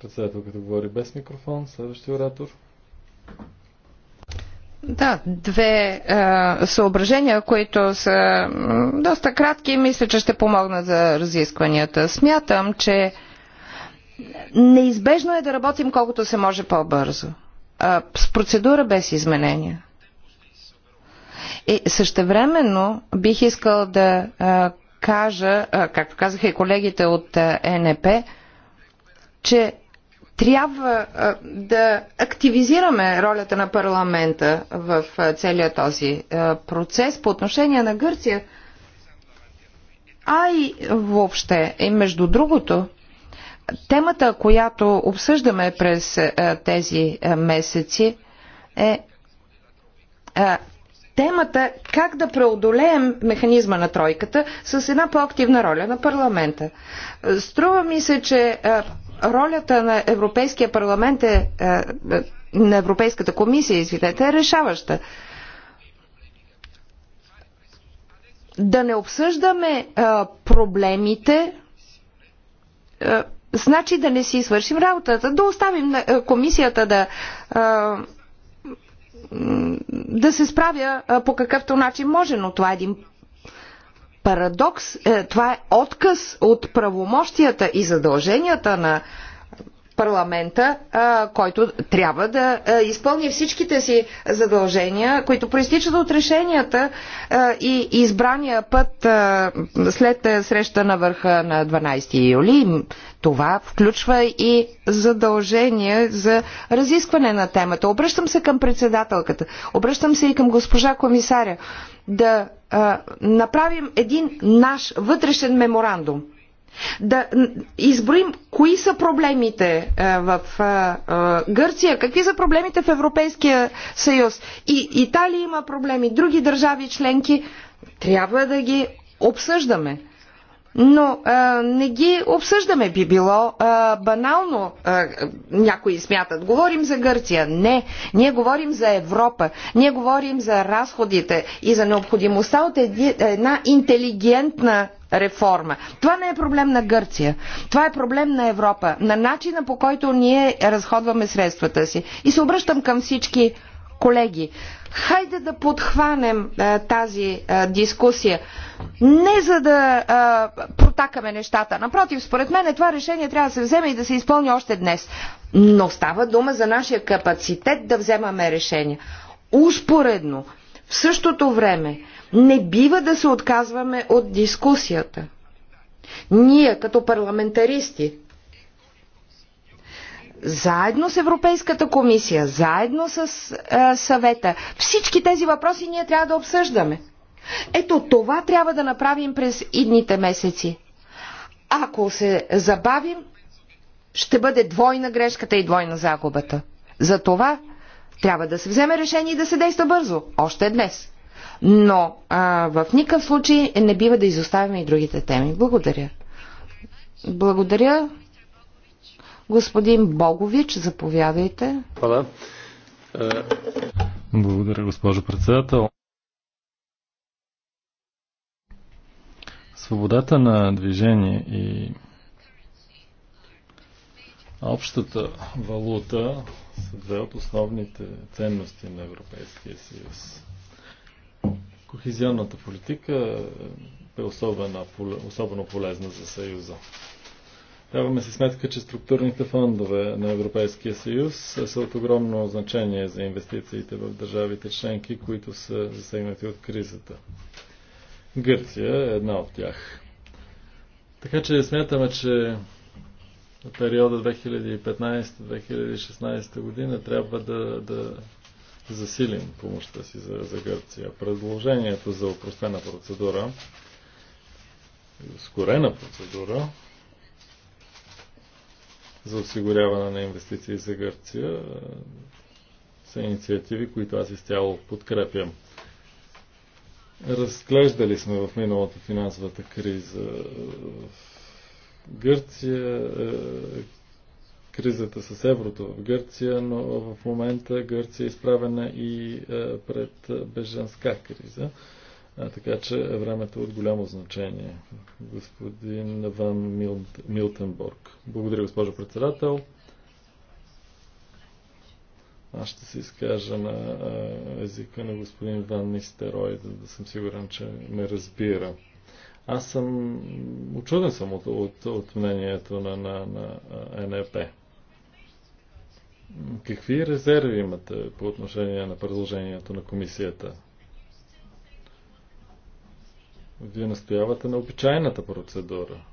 Председателката говори без микрофон, следващия оратор. Да, две е, съображения, които са доста кратки и мисля, че ще помогнат за разискванията. Смятам, че неизбежно е да работим колкото се може по-бързо. Е, с процедура без изменения. И същевременно бих искал да е, кажа, е, както казаха и колегите от е, НП, че трябва да активизираме ролята на парламента в целия този процес по отношение на Гърция, а и въобще. И между другото, темата, която обсъждаме през тези месеци е темата как да преодолеем механизма на тройката с една по-активна роля на парламента. Струва ми се, че ролята на Европейския парламент е, е, на Европейската комисия, извинете, е решаваща. Да не обсъждаме а, е, проблемите, а, е, значи да не си свършим работата, да оставим на, а, комисията да. А, да се справя по какъвто начин може, но това е един парадокс, е, това е отказ от правомощията и задълженията на парламента, който трябва да изпълни всичките си задължения, които проистичат от решенията и избрания път след е, среща на върха на 12 юли. Това включва и задължение за разискване на темата. Обръщам се към председателката, обръщам се и към госпожа комисаря да направим един наш вътрешен меморандум. Да изброим кои са проблемите в Гърция, какви са проблемите в Европейския съюз. И Италия има проблеми, други държави членки. Трябва да ги обсъждаме но а, не ги обсъждаме. Би било а, банално, а, някои смятат. Говорим за Гърция. Не, ние говорим за Европа. Ние говорим за разходите и за необходимостта от еди, една интелигентна реформа. Това не е проблем на Гърция. Това е проблем на Европа, на начина по който ние разходваме средствата си. И се обръщам към всички колеги. Хайде да подхванем а, е, тази а, е, дискусия. Не за да а, е, протакаме нещата. Напротив, според мен това решение трябва да се вземе и да се изпълни още днес. Но става дума за нашия капацитет да вземаме решения. Успоредно, в същото време, не бива да се отказваме от дискусията. Ние, като парламентаристи, заедно с Европейската комисия, заедно с а, съвета. Всички тези въпроси ние трябва да обсъждаме. Ето това трябва да направим през идните месеци. Ако се забавим, ще бъде двойна грешката и двойна загубата. За това трябва да се вземе решение и да се действа бързо, още днес. Но а, в никакъв случай не бива да изоставяме и другите теми. Благодаря. Благодаря. Господин Богович, заповядайте. Хвала. Е, Благодаря, госпожо председател. Свободата на движение и общата валута са две от основните ценности на Европейския съюз. Кохезионната политика е особено, особено полезна за Съюза. Даваме си сметка, че структурните фондове на Европейския съюз са от огромно значение за инвестициите в държавите членки, които са засегнати от кризата. Гърция е една от тях. Така че смятаме, че периода 2015-2016 година трябва да, да засилим помощта си за, за Гърция. Предложението за упростена процедура, ускорена процедура, за осигуряване на инвестиции за Гърция е, са инициативи, които аз изцяло подкрепям. Разглеждали сме в миналата финансовата криза в Гърция, е, кризата с еврото в Гърция, но в момента Гърция е изправена и е, пред беженска криза. А, така че времето е от голямо значение. Господин Ван Мил... Милтенборг. Благодаря, госпожо председател. Аз ще се изкажа на езика на господин Ван Нистерой, да, да съм сигурен, че ме разбира. Аз съм... Очуден съм от, от, от мнението на, на, на НЕП. Какви резерви имате по отношение на предложението на комисията? Вие настоявате на обичайната процедура.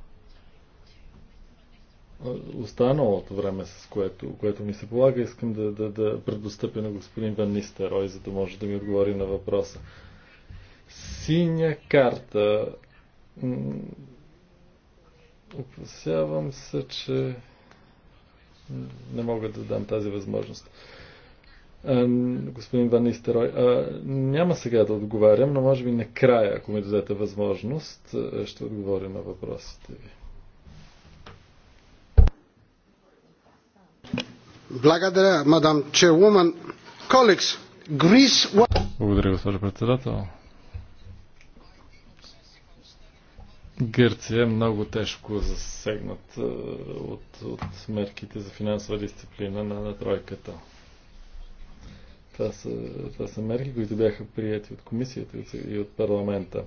Останалото време, с което, което ми се полага, искам да, да, да предостъпя на господин Ван Нистерой, за да може да ми отговори на въпроса. Синя карта. Опасявам се, че не мога да дам тази възможност господин Ван Нистерой. Няма сега да отговарям, но може би накрая, ако ми дадете възможност, ще отговоря на въпросите ви. Благодаря, мадам Чеуман. Колекс, Грис... Благодаря, госпожо председател. Гърция е много тежко засегнат от, от мерките за финансова дисциплина на, на тройката. Това са, това са мерки, които бяха прияти от комисията и от парламента.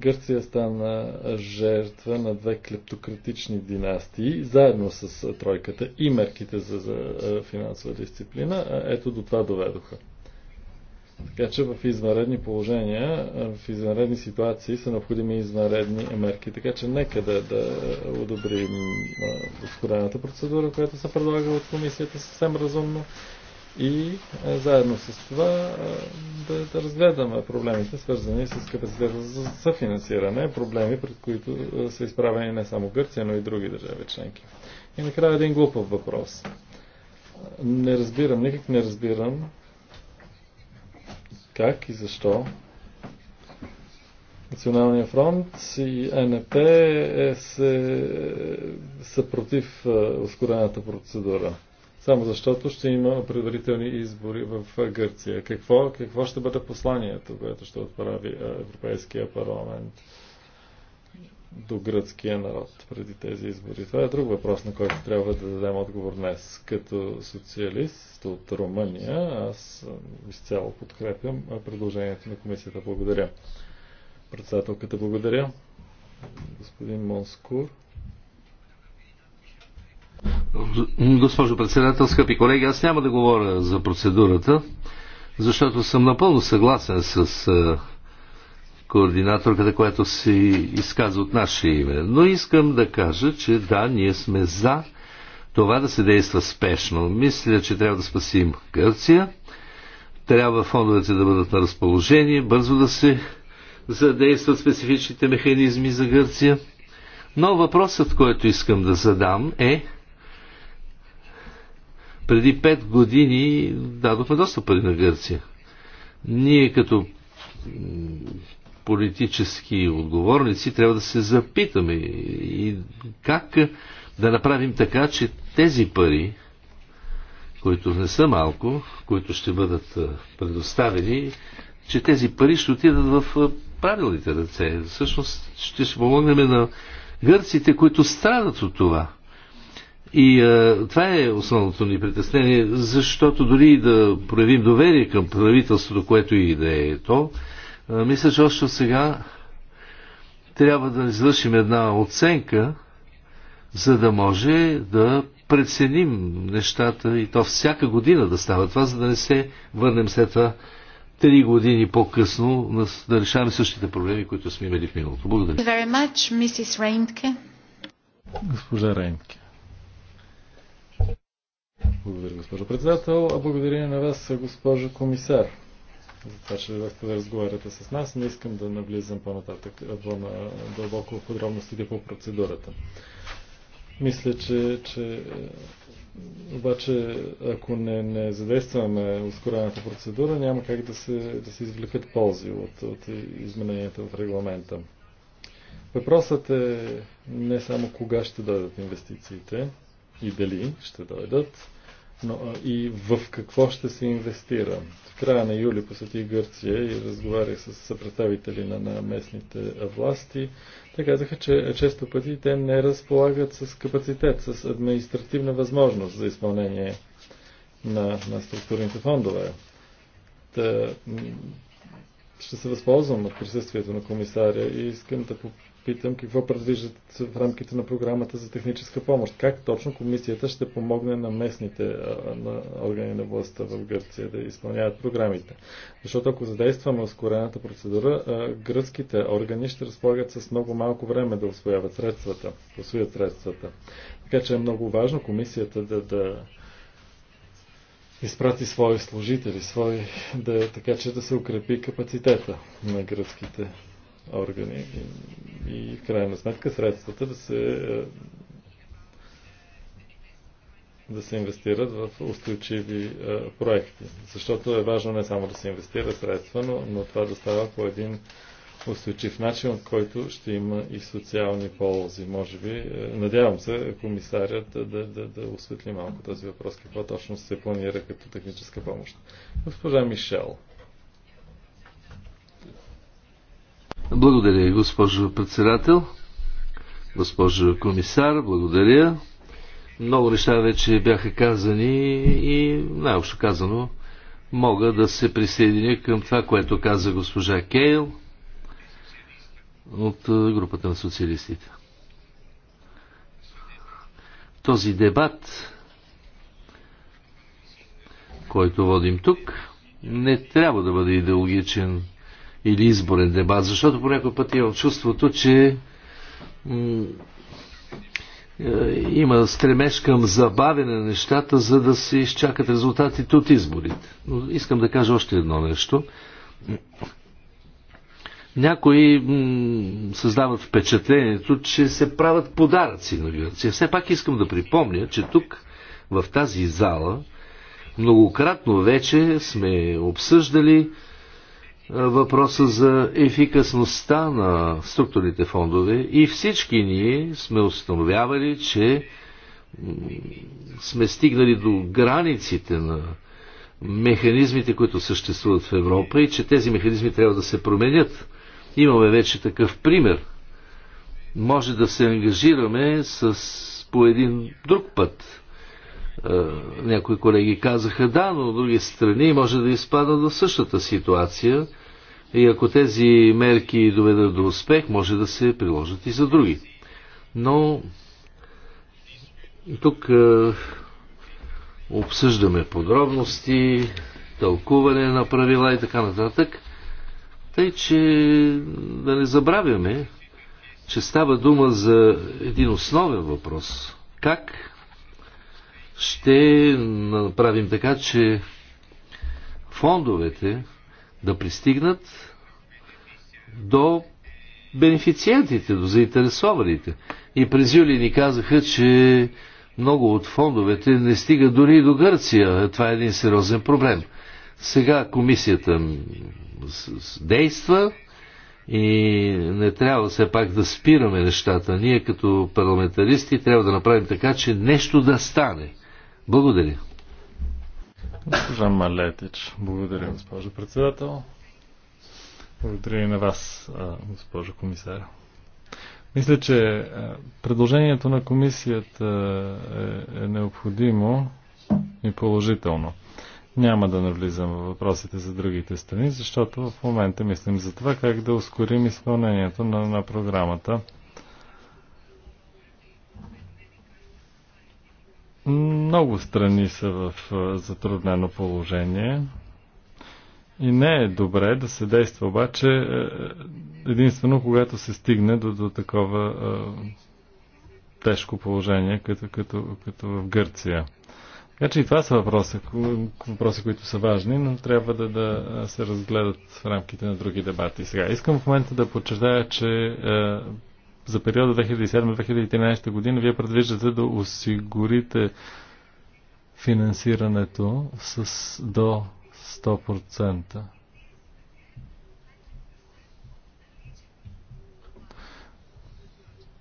Гърция стана жертва на две клептократични династии, заедно с тройката и мерките за, за финансова дисциплина. Ето до това доведоха. Така че в извънредни положения, в извънредни ситуации са необходими извънредни мерки. Така че нека да, да одобрим ускорената процедура, която се предлага от комисията съвсем разумно и а, е, заедно с това а, е, да, да разгледаме проблемите, свързани с капацитета за съфинансиране, проблеми, пред които а, е, са изправени не само Гърция, но и други държави членки. И накрая един глупав въпрос. Не разбирам, никак не разбирам как и защо Националния фронт и НП е, се, са против ускорената процедура само защото ще има предварителни избори в Гърция. Какво, какво ще бъде посланието, което ще отправи Европейския парламент до гръцкия народ преди тези избори? Това е друг въпрос, на който трябва да дадем отговор днес. Като социалист от Румъния, аз изцяло подкрепям предложението на комисията. Благодаря. Председателката, благодаря. Господин Монскур. Госпожо председател, скъпи колеги, аз няма да говоря за процедурата, защото съм напълно съгласен с е, координаторката, която се изказва от наше име. Но искам да кажа, че да, ние сме за това да се действа спешно. Мисля, че трябва да спасим Гърция. Трябва фондовете да бъдат на разположение, бързо да се задействат специфичните механизми за Гърция. Но въпросът, който искам да задам е преди 5 години дадохме доста пари на Гърция. Ние като политически отговорници трябва да се запитаме и как да направим така, че тези пари, които не са малко, които ще бъдат предоставени, че тези пари ще отидат в правилните ръце. Всъщност ще помогнем на гърците, които страдат от това. И а, това е основното ни притеснение, защото дори да проявим доверие към правителството, което и да е то, а, мисля, че още сега трябва да извършим една оценка, за да може да преценим нещата и то всяка година да става това, за да не се върнем след това три години по-късно да решаваме същите проблеми, които сме имали в миналото. Благодаря. Госпожа Рейнтке. Благодаря, госпожо председател. А благодаря на вас, госпожо комисар, за това, че дадохте да разговаряте с нас. Не искам да навлизам по-нататък, по-дълбоко в подробностите по процедурата. Мисля, че, че е, обаче, ако не, не задействаме ускорената процедура, няма как да се, да се извлекат ползи от, от измененията в регламента. Въпросът е не само кога ще дойдат инвестициите и дали ще дойдат, но и в какво ще се инвестира. В края на юли посетих Гърция и разговарях с съпредставители на, на местните власти. Те казаха, че често пъти те не разполагат с капацитет, с административна възможност за изпълнение на, на структурните фондове. Та, ще се възползвам от присъствието на комисаря и искам да попитам какво предвиждат в рамките на програмата за техническа помощ. Как точно комисията ще помогне на местните на органи на властта в Гърция да изпълняват програмите? Защото ако задействаме ускорената процедура, гръцките органи ще разполагат с много малко време да освояват средствата, да освоят средствата. Така че е много важно комисията да, да изпрати свои служители, свои, да, така че да се укрепи капацитета на гръцките органи и, и в крайна сметка средствата да се е, да се инвестират в устойчиви е, проекти. Защото е важно не само да се инвестира средства, но, но това да става по един устойчив начин, от който ще има и социални ползи. Може би, е, надявам се, комисарят да, да, да, да осветли малко този въпрос, какво точно се планира като техническа помощ. Госпожа Мишел. Благодаря, госпожо председател, госпожо комисар, благодаря. Много неща вече бяха казани и най-общо казано мога да се присъединя към това, което каза госпожа Кейл – от групата на социалистите. Този дебат, който водим тук, не трябва да бъде идеологичен или изборен дебат, защото по някой път имам чувството, че е, има стремеж към забавяне на нещата, за да се изчакат резултатите от изборите. Но искам да кажа още едно нещо. Някои създават впечатлението, че се правят подаръци на Гърция. Все пак искам да припомня, че тук, в тази зала, многократно вече сме обсъждали въпроса за ефикасността на структурните фондове и всички ние сме установявали, че сме стигнали до границите на механизмите, които съществуват в Европа и че тези механизми трябва да се променят. Имаме вече такъв пример. Може да се ангажираме с, по един друг път. Е, някои колеги казаха да, но от други страни може да изпадат в същата ситуация. И ако тези мерки доведат до успех, може да се приложат и за други. Но тук е, обсъждаме подробности, тълкуване на правила и така нататък. Тъй, че да не забравяме, че става дума за един основен въпрос. Как ще направим така, че фондовете да пристигнат до бенефициентите, до заинтересованите. И през юли ни казаха, че много от фондовете не стигат дори и до Гърция. Това е един сериозен проблем. Сега комисията действа и не трябва все пак да спираме нещата. Ние като парламентаристи трябва да направим така, че нещо да стане. Благодаря. Госпожа Малетич, благодаря, госпожо председател. Благодаря и на вас, госпожо комисар. Мисля, че предложението на комисията е, е необходимо и положително. Няма да навлизам в въпросите за другите страни, защото в момента мислим за това как да ускорим изпълнението на, на програмата. Много страни са в затруднено положение и не е добре да се действа обаче е, единствено когато се стигне до, до такова тежко положение, като, като, като в Гърция. Така че и това са въпроса, въпроси, които са важни, но трябва да, да се разгледат в рамките на други дебати. Сега, искам в момента да подчертая, че е, за периода 2007-2013 година вие предвиждате да осигурите финансирането с до 100%.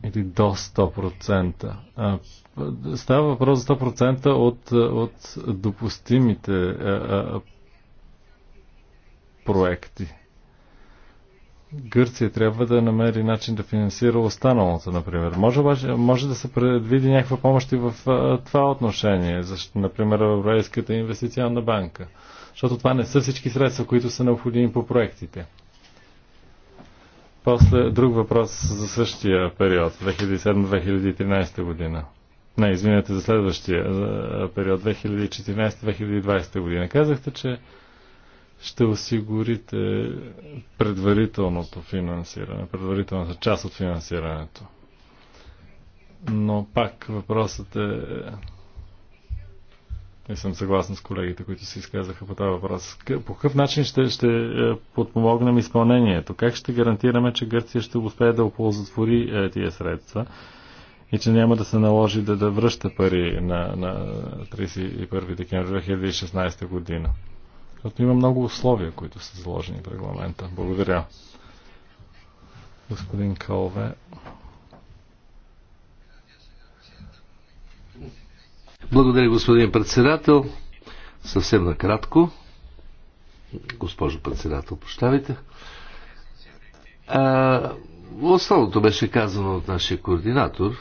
Или до 100%. А, става въпрос за 100% от, от допустимите а, е, а, е, проекти. Гърция трябва да намери начин да финансира останалото, например. Може, обаче, може да се предвиди някаква помощ и в а, е, това отношение, защото, например, Европейската инвестиционна банка. Защото това не са всички средства, които са необходими по проектите. После друг въпрос за същия период, 2007-2013 година. Не, извинете, за следващия за период 2014-2020 година. Казахте, че ще осигурите предварителното финансиране, предварителната част от финансирането. Но пак въпросът е... Не съм съгласен с колегите, които се изказаха по този въпрос. По какъв начин ще, ще е, подпомогнем изпълнението? Как ще гарантираме, че Гърция ще успее да оползотвори е, тия средства? и че няма да се наложи да, да връща пари на, на 31 декември 2016 година. Защото има много условия, които са заложени в регламента. Благодаря. Господин Калве. Благодаря, господин председател. Съвсем накратко. Госпожо председател, прощавайте. А, основното беше казано от нашия координатор.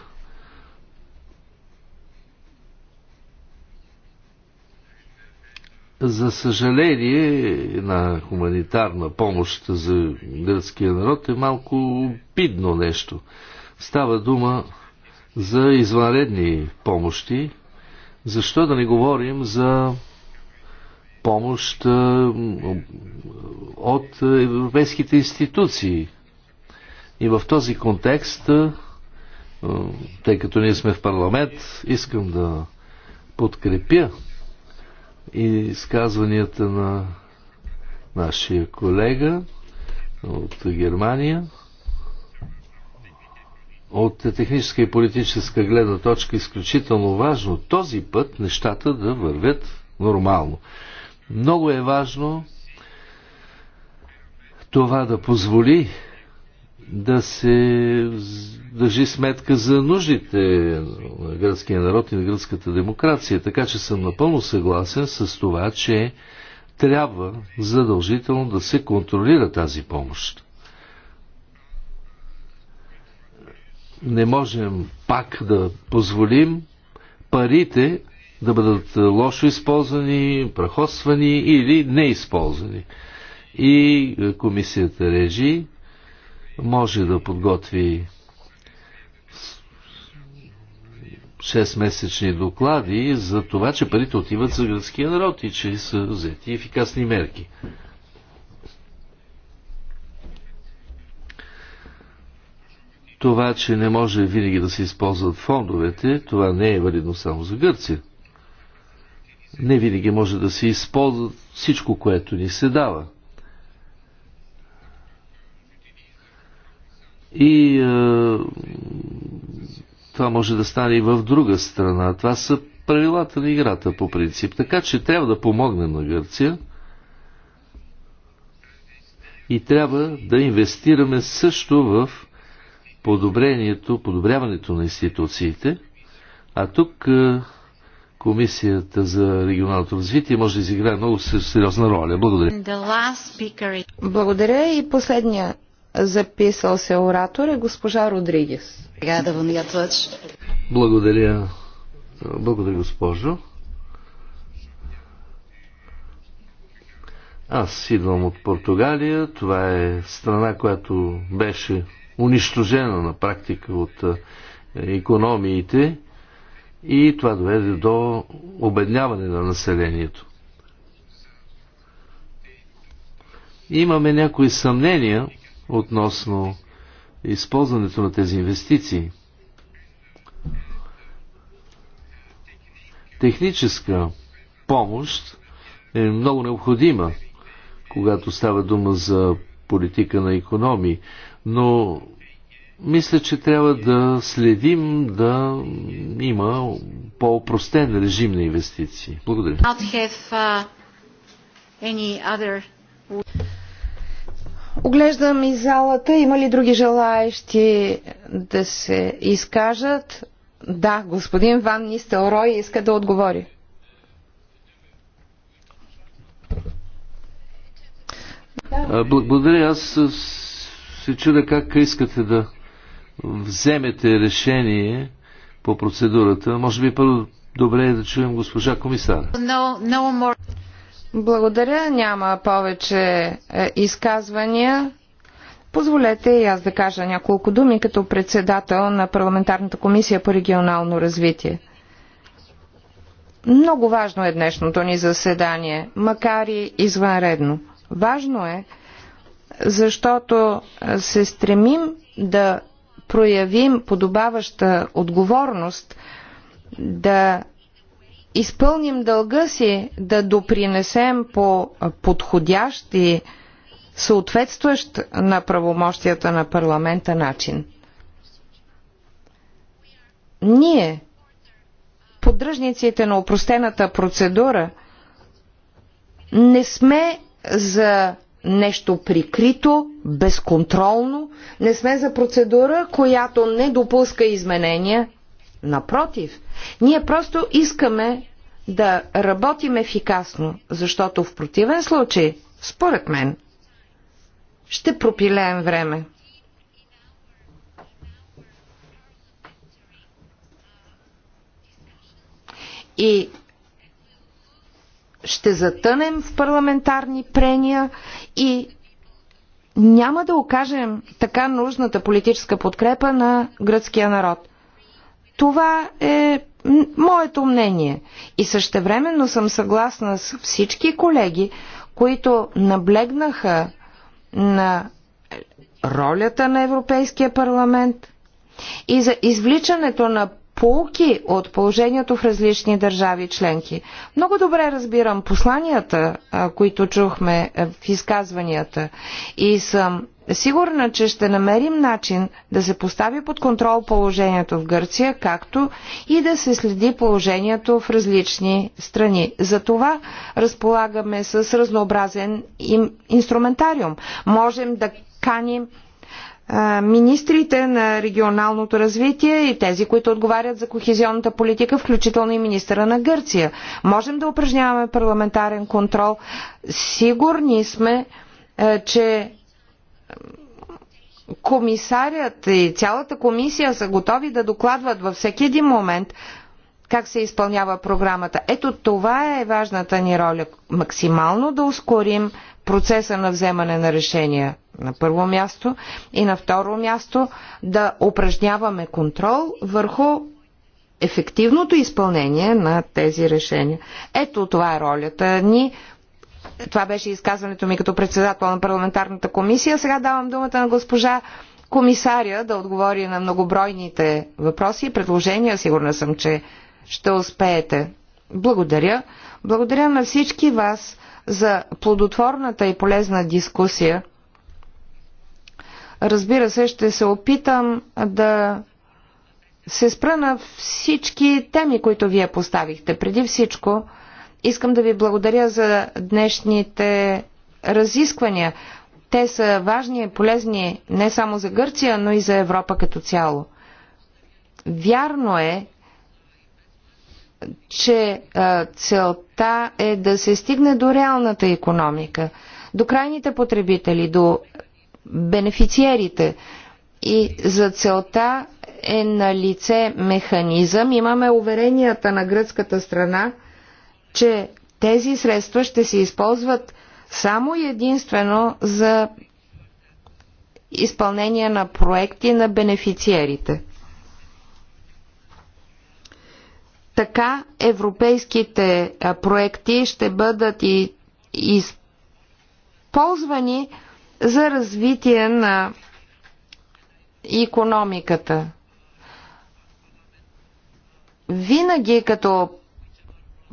За съжаление, на хуманитарна помощ за гръцкия народ е малко обидно нещо. Става дума за извънредни помощи. Защо да не говорим за помощ от европейските институции? И в този контекст, тъй като ние сме в парламент, искам да подкрепя и изказванията на нашия колега от Германия. От техническа и политическа гледна точка изключително важно този път нещата да вървят нормално. Много е важно това да позволи да се държи сметка за нуждите на гръцкия народ и на гръцката демокрация. Така че съм напълно съгласен с това, че трябва задължително да се контролира тази помощ. Не можем пак да позволим парите да бъдат лошо използвани, прахосвани или неизползвани. И комисията режи може да подготви 6-месечни доклади за това, че парите отиват за гръцкия народ и че са взети ефикасни мерки. Това, че не може винаги да се използват фондовете, това не е валидно само за Гърция. Не винаги може да се използва всичко, което ни се дава. И е, това може да стане и в друга страна. Това са правилата на играта по принцип. Така че трябва да помогнем на Гърция и трябва да инвестираме също в подобрението, подобряването на институциите. А тук е, Комисията за регионалното развитие може да изиграе много сериозна роля. Благодаря. Благодаря и последния Записал се оратор е госпожа Родригес. Благодаря. Благодаря, госпожо. Аз идвам от Португалия. Това е страна, която беше унищожена на практика от економиите и това доведе до обедняване на населението. Имаме някои съмнения относно използването на тези инвестиции. Техническа помощ е много необходима, когато става дума за политика на економии, но мисля, че трябва да следим да има по-опростен режим на инвестиции. Благодаря. Uh, Оглеждам и залата. Има ли други желаещи да се изкажат? Да, господин Ван Нистелрой иска да отговори. Благодаря. Аз се чудя как искате да вземете решение по процедурата. Може би първо добре е да чуем госпожа комисар. No, no more. Благодаря. Няма повече е, изказвания. Позволете и аз да кажа няколко думи като председател на Парламентарната комисия по регионално развитие. Много важно е днешното ни заседание, макар и извънредно. Важно е, защото е, се стремим да проявим подобаваща отговорност, да изпълним дълга си да допринесем по подходящ и съответстващ на правомощията на парламента начин. Ние, поддръжниците на упростената процедура, не сме за нещо прикрито, безконтролно, не сме за процедура, която не допуска изменения – Напротив, ние просто искаме да работим ефикасно, защото в противен случай, според мен, ще пропилеем време. И ще затънем в парламентарни прения и няма да окажем така нужната политическа подкрепа на гръцкия народ. Това е моето мнение. И същевременно съм съгласна с всички колеги, които наблегнаха на ролята на Европейския парламент и за извличането на полки от положението в различни държави членки. Много добре разбирам посланията, които чухме в изказванията и съм сигурна, че ще намерим начин да се постави под контрол положението в Гърция, както и да се следи положението в различни страни. За това разполагаме с разнообразен инструментариум. Можем да каним министрите на регионалното развитие и тези, които отговарят за кохезионната политика, включително и министра на Гърция. Можем да упражняваме парламентарен контрол. Сигурни сме, че комисарят и цялата комисия са готови да докладват във всеки един момент как се изпълнява програмата. Ето това е важната ни роля. Максимално да ускорим процеса на вземане на решения на първо място и на второ място да упражняваме контрол върху ефективното изпълнение на тези решения. Ето това е ролята ни това беше изказването ми като председател на парламентарната комисия. Сега давам думата на госпожа комисаря да отговори на многобройните въпроси и предложения. Сигурна съм, че ще успеете. Благодаря. Благодаря на всички вас за плодотворната и полезна дискусия. Разбира се, ще се опитам да се спра на всички теми, които вие поставихте. Преди всичко, Искам да ви благодаря за днешните разисквания. Те са важни и полезни не само за Гърция, но и за Европа като цяло. Вярно е, че а, целта е да се стигне до реалната економика, до крайните потребители, до бенефициерите. И за целта е на лице механизъм. Имаме уверенията на гръцката страна – че тези средства ще се използват само единствено за изпълнение на проекти на бенефициерите. Така европейските проекти ще бъдат и използвани за развитие на економиката. Винаги като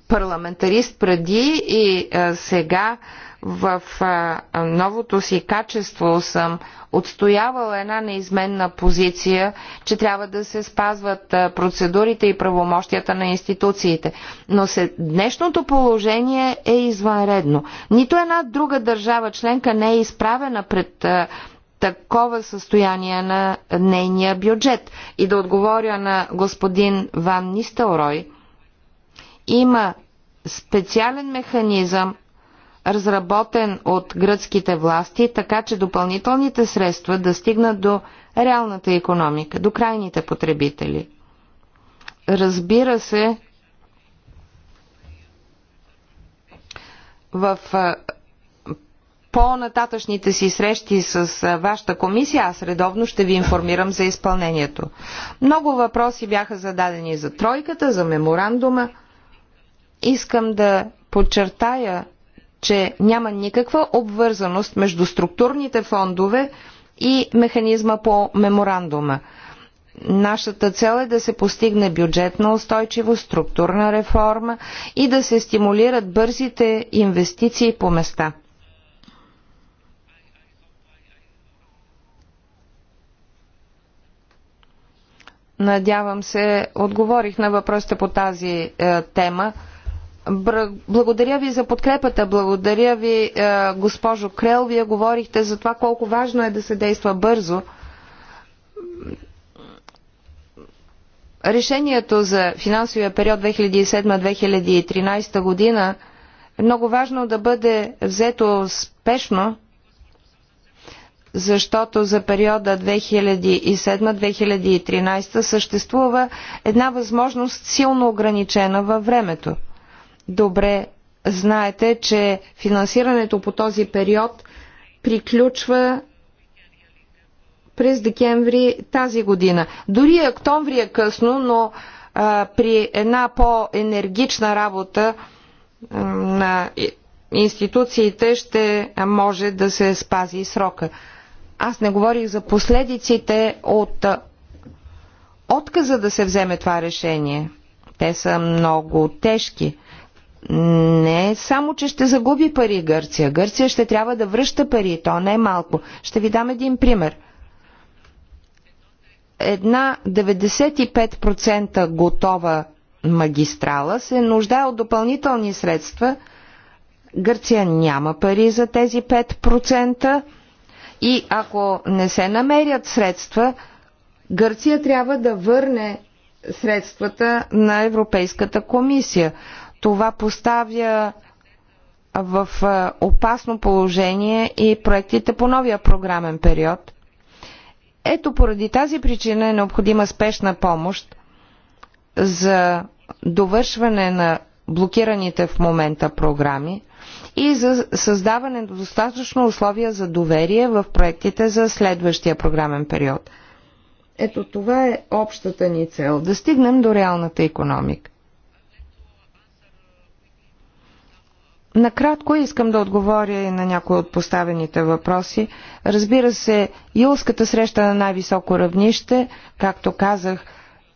парламентарист преди и а, сега в а, новото си качество съм отстоявала една неизменна позиция, че трябва да се спазват а, процедурите и правомощията на институциите. Но се, днешното положение е извънредно. Нито една друга държава членка не е изправена пред а, такова състояние на нейния бюджет. И да отговоря на господин Ван Нистелрой – има специален механизъм, разработен от гръцките власти, така че допълнителните средства да стигнат до реалната економика, до крайните потребители. Разбира се, в по-нататъчните си срещи с вашата комисия, аз редовно ще ви информирам за изпълнението. Много въпроси бяха зададени за тройката, за меморандума искам да подчертая, че няма никаква обвързаност между структурните фондове и механизма по меморандума. Нашата цел е да се постигне бюджетна устойчивост, структурна реформа и да се стимулират бързите инвестиции по места. Надявам се, отговорих на въпросите по тази е, тема. Благодаря ви за подкрепата. Благодаря ви, е, госпожо Крел. Вие говорихте за това колко важно е да се действа бързо. Решението за финансовия период 2007-2013 година е много важно да бъде взето спешно, защото за периода 2007-2013 съществува една възможност силно ограничена във времето – добре знаете, че финансирането по този период приключва през декември тази година. Дори октомври е късно, но а, при една по-енергична работа а, на институциите ще може да се спази срока. Аз не говорих за последиците от отказа да се вземе това решение. Те са много тежки не е само, че ще загуби пари Гърция. Гърция ще трябва да връща пари. То не е малко. Ще ви дам един пример. Една 95% готова магистрала се нуждае от допълнителни средства. Гърция няма пари за тези 5%. И ако не се намерят средства, Гърция трябва да върне средствата на Европейската комисия. Това поставя в е, опасно положение и проектите по новия програмен период. Ето поради тази причина е необходима спешна помощ за довършване на блокираните в момента програми и за създаване на достатъчно условия за доверие в проектите за следващия програмен период. Ето това е общата ни цел да стигнем до реалната економика. Накратко искам да отговоря и на някои от поставените въпроси. Разбира се, юлската среща на най-високо равнище, както казах,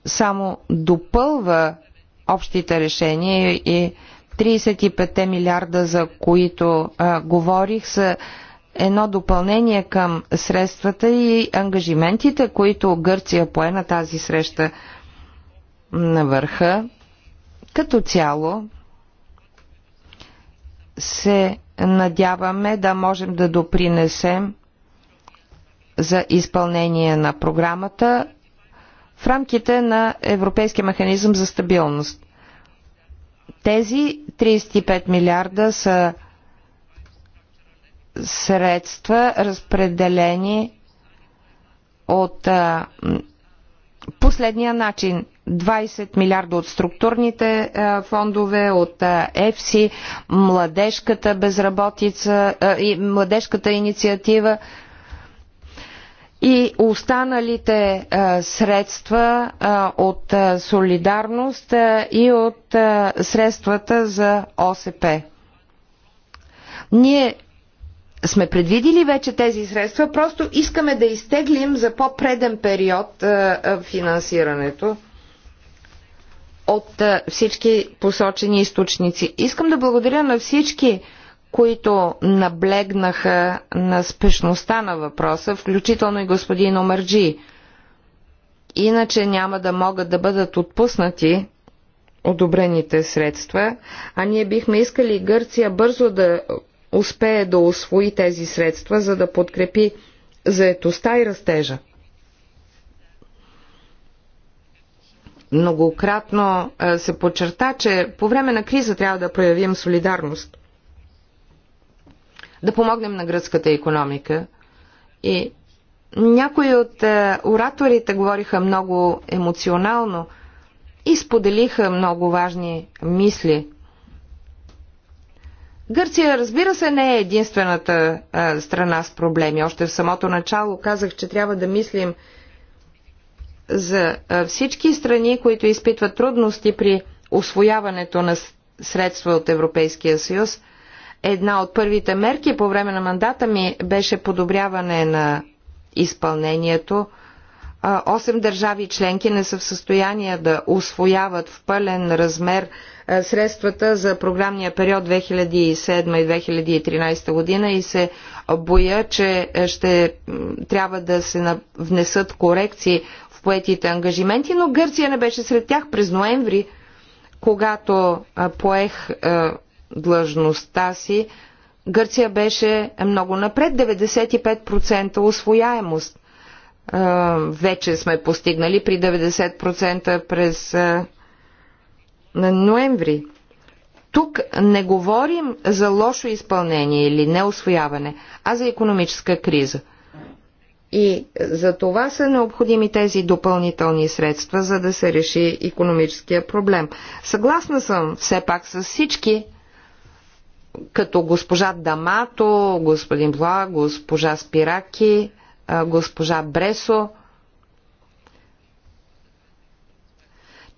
само допълва общите решения и 35 милиарда, за които а, говорих, са едно допълнение към средствата и ангажиментите, които Гърция пое на тази среща на върха. Като цяло, се надяваме да можем да допринесем за изпълнение на програмата в рамките на Европейския механизъм за стабилност. Тези 35 милиарда са средства, разпределени от а, последния начин. 20 милиарда от структурните е, фондове, от е, ЕФСИ, младежката безработица, е, младежката инициатива и останалите средства от солидарност и от средствата за ОСП. Ние сме предвидили вече тези средства, просто искаме да изтеглим за по-преден период финансирането от е, всички посочени източници. Искам да благодаря на всички, които наблегнаха на спешността на въпроса, включително и господин Омърджи. Иначе няма да могат да бъдат отпуснати одобрените средства, а ние бихме искали Гърция бързо да успее да освои тези средства, за да подкрепи заетостта и растежа. Многократно е, се подчерта, че по време на криза трябва да проявим солидарност, да помогнем на гръцката економика и някои от е, ораторите говориха много емоционално и споделиха много важни мисли. Гърция, разбира се, не е единствената а, е, страна с проблеми. Още в самото начало казах, че трябва да мислим за всички страни, които изпитват трудности при освояването на средства от Европейския съюз. Една от първите мерки по време на мандата ми беше подобряване на изпълнението. Осем държави членки не са в състояние да освояват в пълен размер средствата за програмния период 2007 и 2013 година и се боя, че ще трябва да се внесат корекции поетите ангажименти, но Гърция не беше сред тях през ноември, когато поех длъжността си. Гърция беше много напред, 95% освояемост. Вече сме постигнали при 90% през ноември. Тук не говорим за лошо изпълнение или неосвояване, а за економическа криза – и за това са необходими тези допълнителни средства, за да се реши економическия проблем. Съгласна съм все пак с всички, като госпожа Дамато, господин Бла, госпожа Спираки, госпожа Бресо,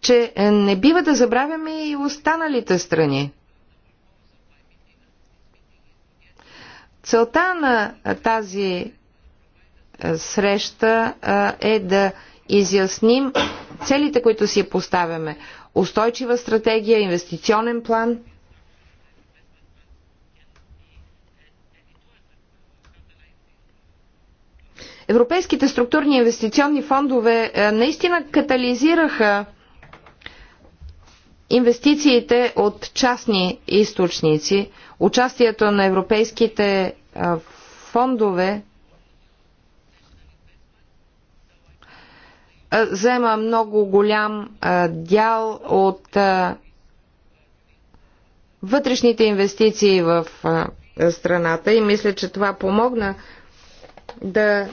че не бива да забравяме и останалите страни. Целта на тази е, среща е, е да изясним целите, които си поставяме. Устойчива стратегия, инвестиционен план. Европейските структурни инвестиционни фондове е, наистина катализираха инвестициите от частни източници, участието на европейските фондове взема много голям дял от вътрешните инвестиции в страната и мисля, че това помогна да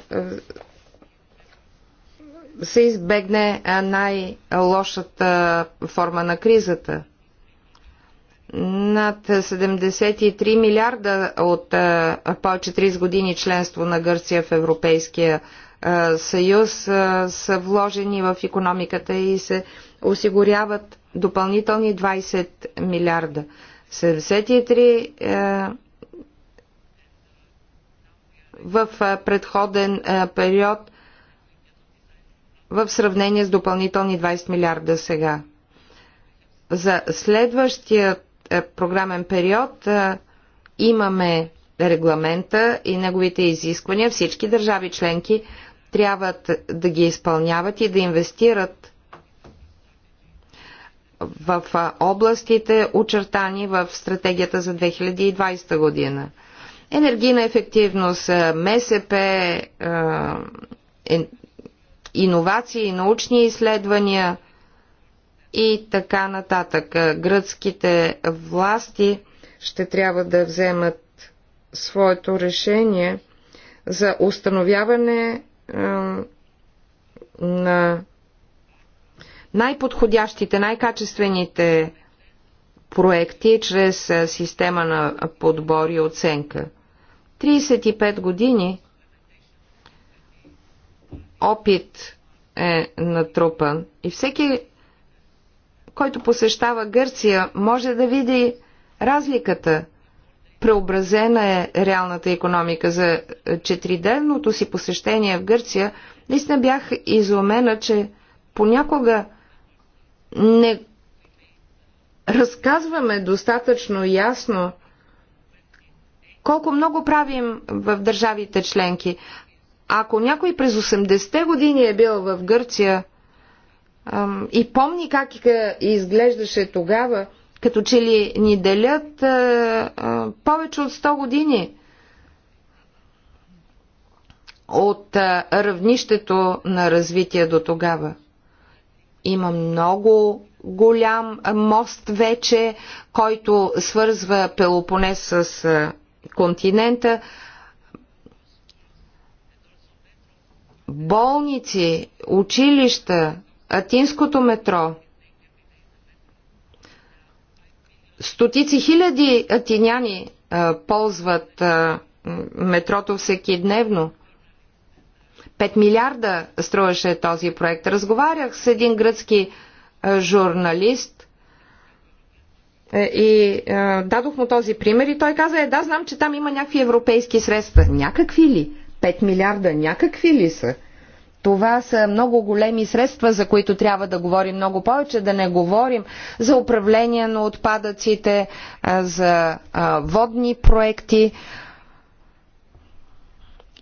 се избегне най-лошата форма на кризата. Над 73 милиарда от повече 30 години членство на Гърция в Европейския съюз са вложени в економиката и се осигуряват допълнителни 20 милиарда. 73 в предходен период в сравнение с допълнителни 20 милиарда сега. За следващия програмен период имаме регламента и неговите изисквания. Всички държави членки трябва да ги изпълняват и да инвестират в областите, очертани в стратегията за 2020 година. Енергийна ефективност, МСП, е, иновации, научни изследвания и така нататък. Гръцките власти ще трябва да вземат своето решение за установяване на най-подходящите, най-качествените проекти чрез система на подбор и оценка. 35 години опит е натрупан и всеки, който посещава Гърция, може да види разликата преобразена е реалната економика. За четиридневното си посещение в Гърция наистина бях изумена, че понякога не разказваме достатъчно ясно колко много правим в държавите членки. Ако някой през 80-те години е бил в Гърция и помни как изглеждаше тогава, като че ли ни делят а, а, повече от 100 години от а, равнището на развитие до тогава. Има много голям мост вече, който свързва Пелопонес с а, континента. Болници, училища, атинското метро – Стотици хиляди атиняни ползват метрото всеки дневно. 5 милиарда струваше този проект. Разговарях с един гръцки журналист е, и дадох му този пример и той каза, е да, знам, че там има някакви европейски средства. Някакви ли? 5 милиарда някакви ли са? Това са много големи средства, за които трябва да говорим много повече, да не говорим за управление на отпадъците, за водни проекти.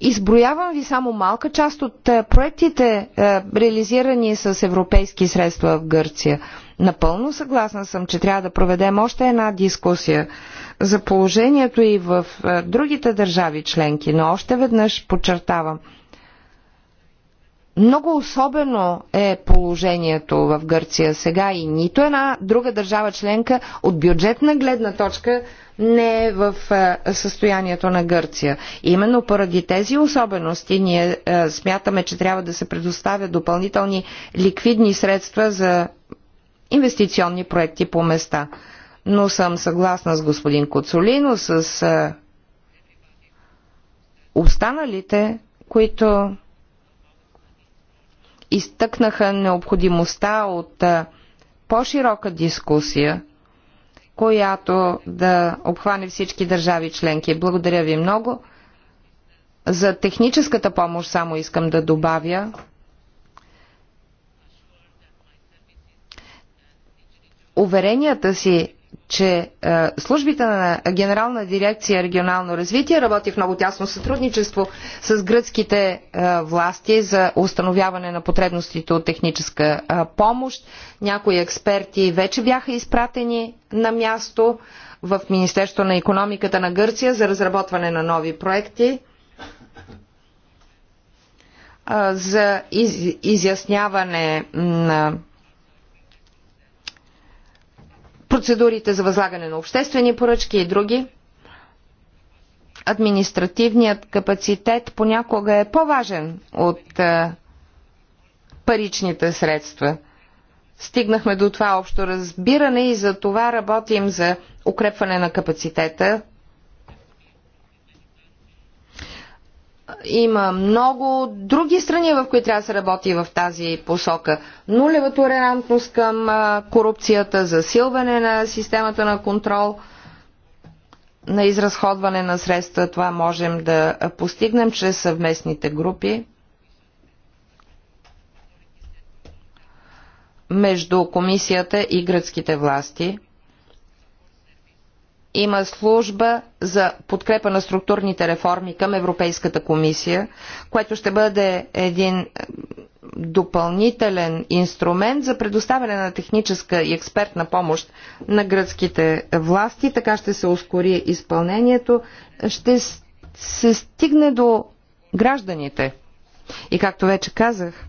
Изброявам ви само малка част от проектите, реализирани с европейски средства в Гърция. Напълно съгласна съм, че трябва да проведем още една дискусия за положението и в другите държави членки, но още веднъж подчертавам – много особено е положението в Гърция сега и нито една друга държава членка от бюджетна гледна точка не е в е, състоянието на Гърция. Именно поради тези особености ние е, смятаме, че трябва да се предоставят допълнителни ликвидни средства за инвестиционни проекти по места. Но съм съгласна с господин Коцолино, с е, останалите, които изтъкнаха необходимостта от по-широка дискусия, която да обхване всички държави членки. Благодаря ви много. За техническата помощ само искам да добавя. Уверенията си, че е, службите на Генерална дирекция регионално развитие работи в много тясно сътрудничество с гръцките е, власти за установяване на потребностите от техническа е, помощ. Някои експерти вече бяха изпратени на място в Министерство на економиката на Гърция за разработване на нови проекти за изясняване на процедурите за възлагане на обществени поръчки и други. Административният капацитет понякога е по-важен от е, паричните средства. Стигнахме до това общо разбиране и за това работим за укрепване на капацитета Има много други страни, в които трябва да се работи в тази посока. Нулева толерантност към корупцията, засилване на системата на контрол на изразходване на средства. Това можем да постигнем чрез съвместните групи между комисията и гръцките власти – има служба за подкрепа на структурните реформи към Европейската комисия, което ще бъде един допълнителен инструмент за предоставяне на техническа и експертна помощ на гръцките власти. Така ще се ускори изпълнението. Ще се стигне до гражданите. И както вече казах,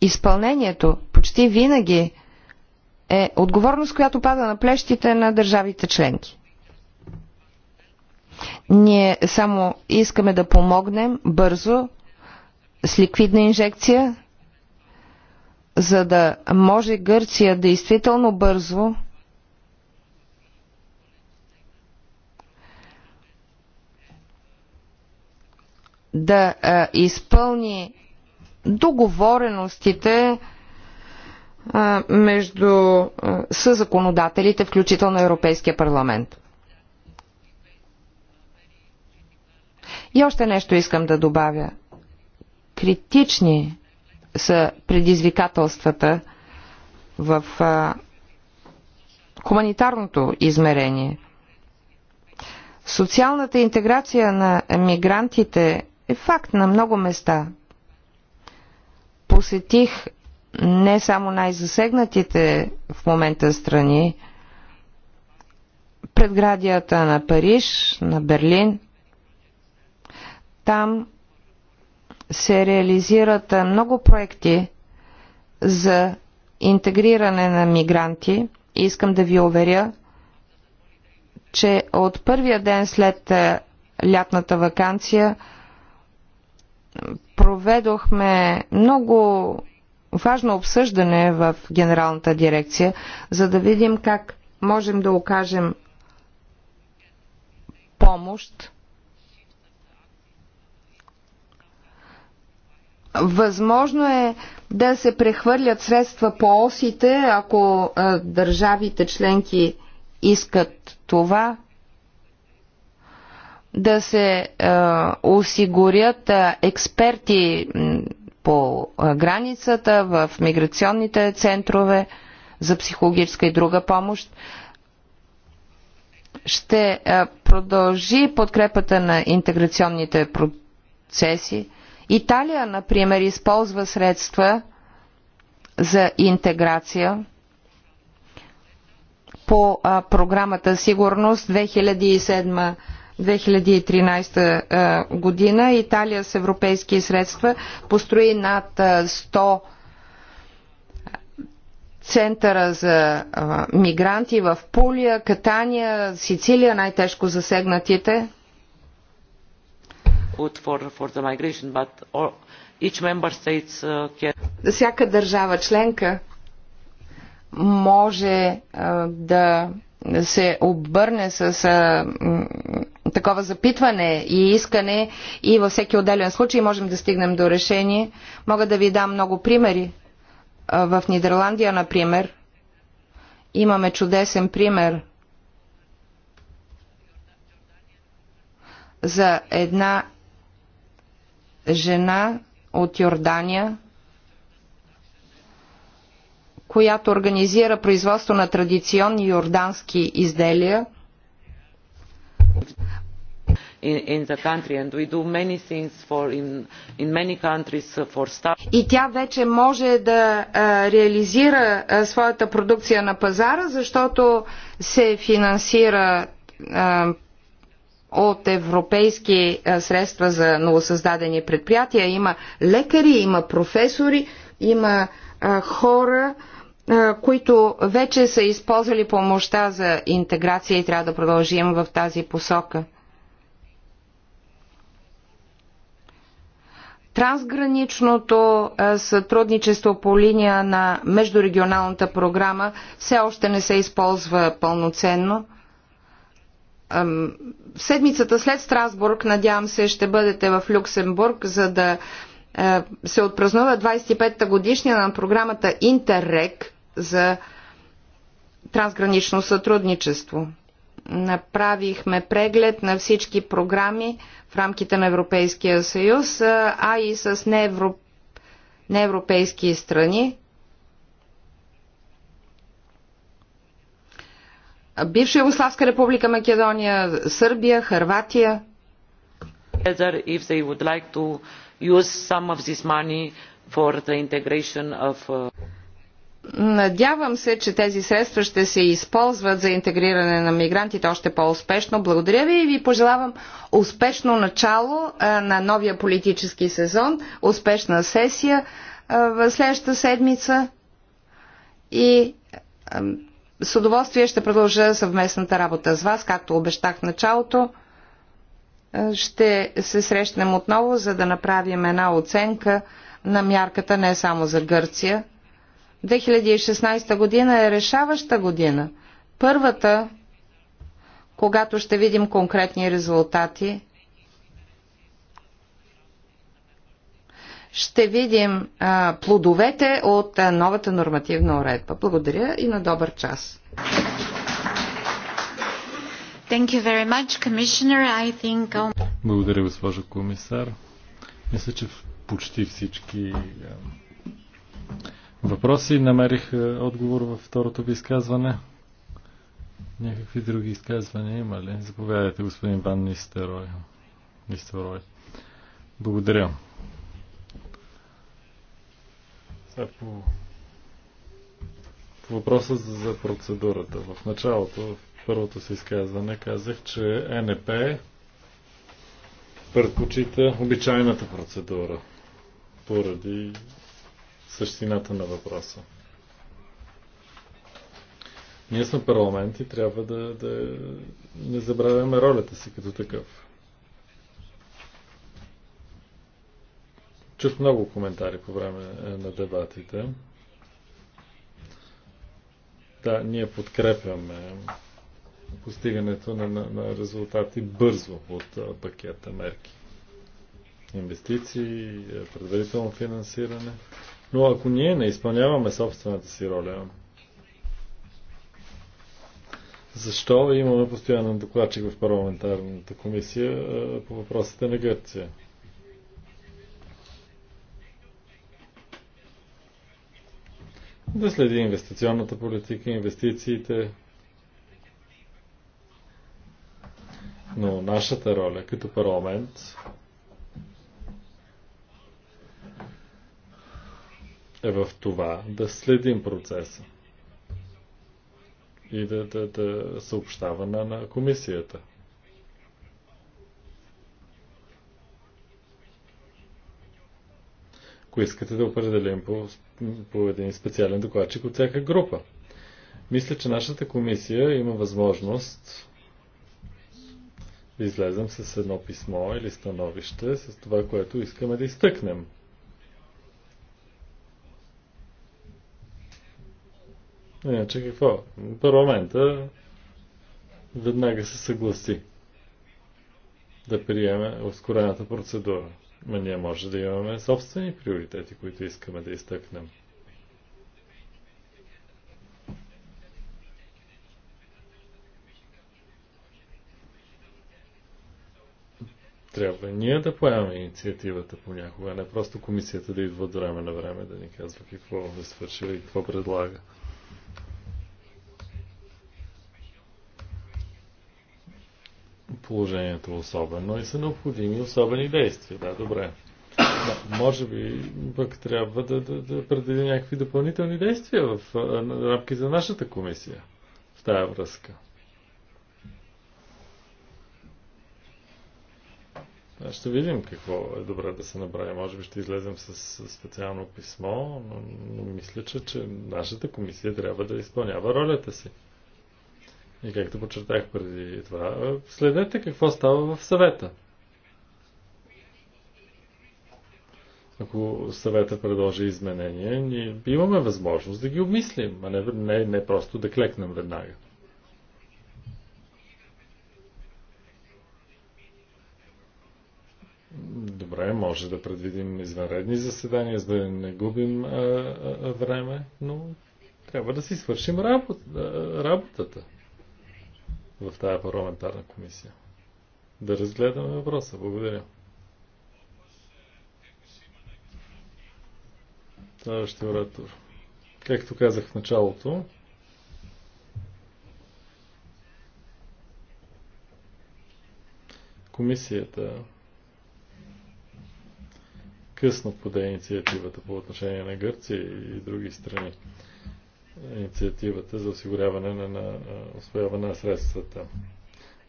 изпълнението почти винаги е отговорност, която пада на плещите на държавите членки. Ние само искаме да помогнем бързо с ликвидна инжекция, за да може Гърция действително бързо да а, изпълни договореностите между съзаконодателите, включително Европейския парламент. И още нещо искам да добавя. Критични са предизвикателствата в а, хуманитарното измерение. Социалната интеграция на мигрантите е факт на много места. Посетих не само най-засегнатите в момента страни, предградията на Париж, на Берлин. Там се реализират много проекти за интегриране на мигранти. Искам да ви уверя, че от първия ден след е, лятната вакансия проведохме много важно обсъждане в Генералната дирекция, за да видим как можем да окажем помощ Възможно е да се прехвърлят средства по осите, ако а, държавите членки искат това, да се а, осигурят а, експерти по границата, в миграционните центрове за психологическа и друга помощ. Ще продължи подкрепата на интеграционните процеси. Италия, например, използва средства за интеграция по програмата Сигурност 2007 2013 година Италия с европейски средства построи над 100 центъра за мигранти в Пулия, Катания, Сицилия, най-тежко засегнатите. Uh, Всяка държава членка може да се обърне с такова запитване и искане и във всеки отделен случай можем да стигнем до решение. Мога да ви дам много примери. В Нидерландия, например, имаме чудесен пример за една жена от Йордания, която организира производство на традиционни йордански изделия in the country and we do many things for in, in many countries uh, for staff. И тя вече може да реализира своята продукция на пазара, защото се финансира от европейски средства за новосъздадени предприятия. Има лекари, има професори, има хора, които вече са използвали помощта за интеграция и трябва да продължим в тази посока. трансграничното сътрудничество по линия на междурегионалната програма все още не се използва пълноценно. Седмицата след Страсбург, надявам се, ще бъдете в Люксембург, за да се отпразнува 25-та годишния на програмата Интеррек за трансгранично сътрудничество. Направихме преглед на всички програми рамките на Европейския съюз, а и с неевро... неевропейски страни. Бивша Югославска република Македония, Сърбия, Харватия. If they would like to use some of this money for the integration of Uh... Надявам се, че тези средства ще се използват за интегриране на мигрантите още по-успешно. Благодаря ви и ви пожелавам успешно начало на новия политически сезон, успешна сесия в следващата седмица и с удоволствие ще продължа съвместната работа с вас, както обещах в началото. Ще се срещнем отново, за да направим една оценка на мярката не само за Гърция, 2016 година е решаваща година. Първата, когато ще видим конкретни резултати, ще видим а, плодовете от а, новата нормативна уредба. Благодаря и на добър час. Thank you very much, Commissioner. I think... Um, Благодаря, госпожо комисар. Мисля, че почти всички въпроси. Намерих е, отговор във второто ви изказване. Някакви други изказвания има ли? Заповядайте, господин Ван Нистерой. Нистерой. Благодаря. Сега по, по въпроса за процедурата. В началото, в първото си изказване, казах, че НП предпочита обичайната процедура поради същината на въпроса. Ние сме парламент и трябва да, да не забравяме ролята си като такъв. Чух много коментари по време е, на дебатите. Да, ние подкрепяме постигането на, на, на резултати бързо от е, пакета мерки. Инвестиции, е, предварително финансиране. Но ако ние не изпълняваме собствената си роля, защо имаме постоянен докладчик в парламентарната комисия по въпросите на Гърция? Да следи инвестиционната политика, инвестициите. Но нашата роля като парламент е в това да следим процеса и да, да, да съобщава на, на комисията. Ако искате да определим по, по един специален докладчик от всяка група. Мисля, че нашата комисия има възможност да излезем с едно писмо или становище с това, което искаме да изтъкнем. Иначе какво? Парламента веднага се съгласи да приеме ускорената процедура. Ма ние може да имаме собствени приоритети, които искаме да изтъкнем. Трябва ние да поемаме инициативата понякога, не просто комисията да идва от време на време да ни казва какво е свършила и какво предлага. положението особено и са необходими особени действия. Да, добре. Да, може би пък трябва да, да, да предвиди някакви допълнителни действия в рамки за нашата комисия в тая връзка. Да, ще видим какво е добре да се направи. Може би ще излезем с, с специално писмо, но, но мисля, че, че нашата комисия трябва да изпълнява ролята си. И както подчертах преди това, следете какво става в съвета. Ако съвета предложи изменения, ние имаме възможност да ги обмислим, а не, не, не просто да клекнем веднага. Добре, може да предвидим извънредни заседания, за да не губим а, а, време, но трябва да си свършим работ, а, работата в тази парламентарна комисия. Да разгледаме въпроса. Благодаря. Следващия оратор. Както казах в началото, комисията късно поде инициативата по отношение на Гърция и други страни инициативата за осигуряване на, на освояване на средствата.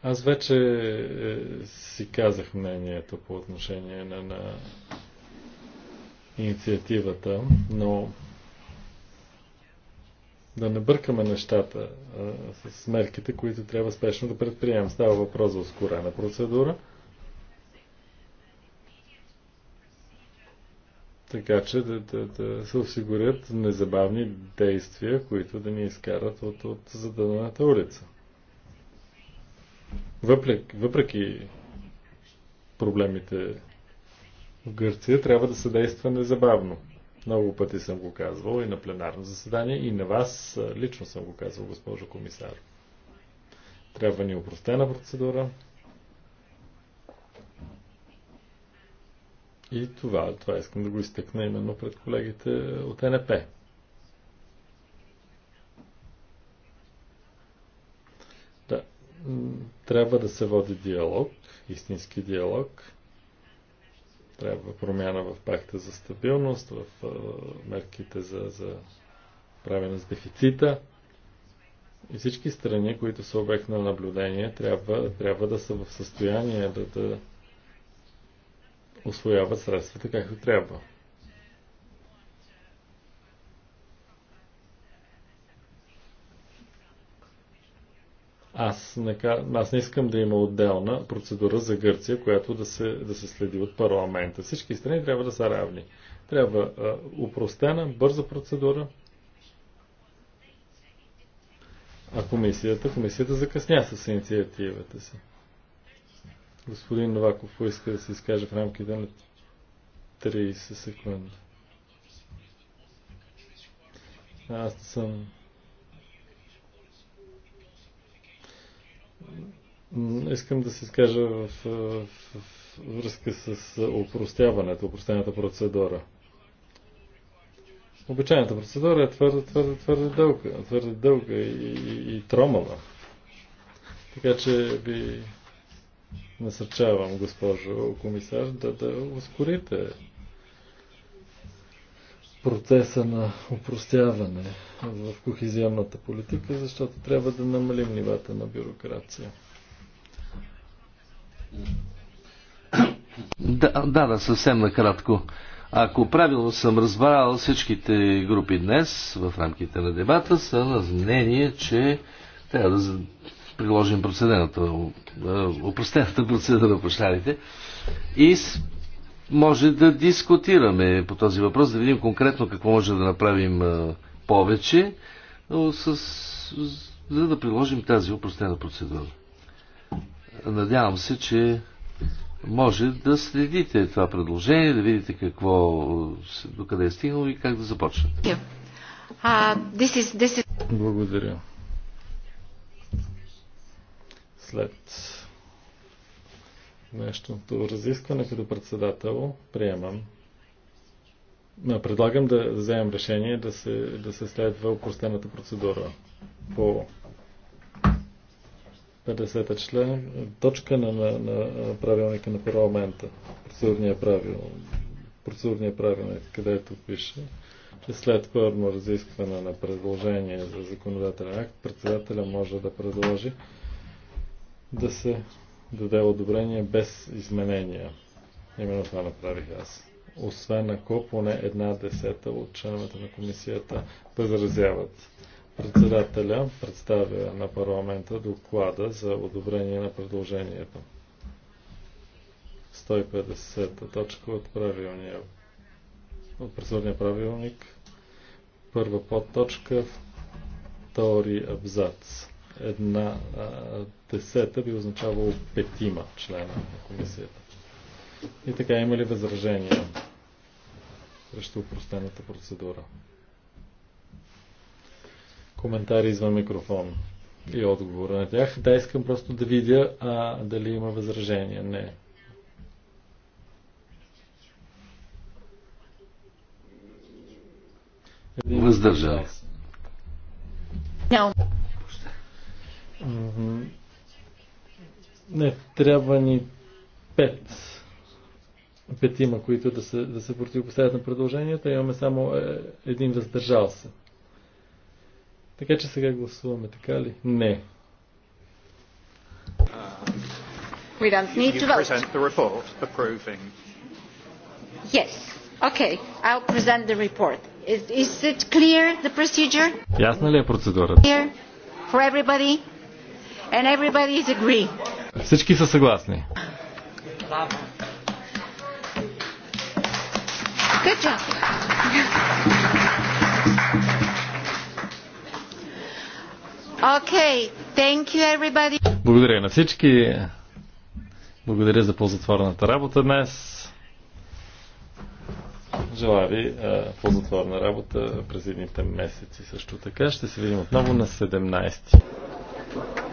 Аз вече е, си казах мнението по отношение на, на инициативата, но да не бъркаме нещата а, с мерките, които трябва спешно да предприемем. Става въпрос за ускорена процедура – така че да, да, да се осигурят незабавни действия, които да ни изкарат от, от задълната улица. Въпреки, въпреки проблемите в Гърция, трябва да се действа незабавно. Много пъти съм го казвал и на пленарно заседание, и на вас лично съм го казвал, госпожо комисар. Трябва ни упростена процедура, И това, това искам да го изтъкна именно пред колегите от НП. Да, трябва да се води диалог, истински диалог. Трябва промяна в пакта за стабилност, в мерките за, за правене с дефицита. И всички страни, които са обект на наблюдение, трябва, трябва да са в състояние да, да освояват средствата както трябва. Аз не, аз не искам да има отделна процедура за Гърция, която да се, да се следи от парламента. Всички страни трябва да са равни. Трябва а, упростена, бърза процедура. А комисията, комисията закъсня с инициативата си. Господин Новаков поиска да се изкаже в рамките на 30 секунди. Аз съм Искам да се изкажа в, в, в връзка с опростяването, опростената процедура. Обичайната процедура е твърде, твърде, твърде дълга, твърде дълга и, и, и тромава. Така че би насърчавам, госпожо комисар, да, да ускорите процеса на упростяване в кохезионната политика, защото трябва да намалим нивата на бюрокрация. Да, да, да, съвсем накратко. Ако правилно съм разбрал, всичките групи днес в рамките на дебата са на мнение, че трябва да приложим процедената, упростената процедура, прощавайте, и може да дискутираме по този въпрос, да видим конкретно какво може да направим повече, с, за да приложим тази упростена процедура. Надявам се, че може да следите това предложение, да видите какво, докъде е стигнало и как да започнете. Yeah. Uh, this is, this is... Благодаря. След днешното разискване като председател приемам. Предлагам да вземем решение да се, да се следва упростената процедура по 50-та член, точка на, на, на правилника на парламента, процедурния правил, процедурния правилник, където пише, че след първо разискване на предложение за законодателен акт, председателя може да предложи да се даде одобрение без изменения. Именно това направих аз. Освен ако поне една десета от членовете на комисията възразяват. Председателя представя на парламента доклада за одобрение на предложението. 150 точка от правилния от председния правилник. Първа подточка, втори абзац. Една а, десета би означавало петима члена на комисията. И така, има ли възражения срещу упростената процедура? Коментари извън микрофон и отговор на тях. Да, искам просто да видя а, дали има възражения. Не. Един Въздържал. Няма. Не, трябва ни пет. Петима, които да се, да се противопоставят на предложенията. Имаме само е, един въздържал се. Така че сега гласуваме, така ли? Не. We don't need to vote. present the report approving. Yes. Okay. I'll present the report. Is, is it clear, the procedure? Ясна ли е процедурата? Clear for everybody? And everybody is agree. Всички са съгласни. Okay, thank you everybody. Благодаря на всички. Благодаря за ползотворната работа днес. Желая ви е, ползотворна работа през едните месеци също така. Ще се видим отново на 17.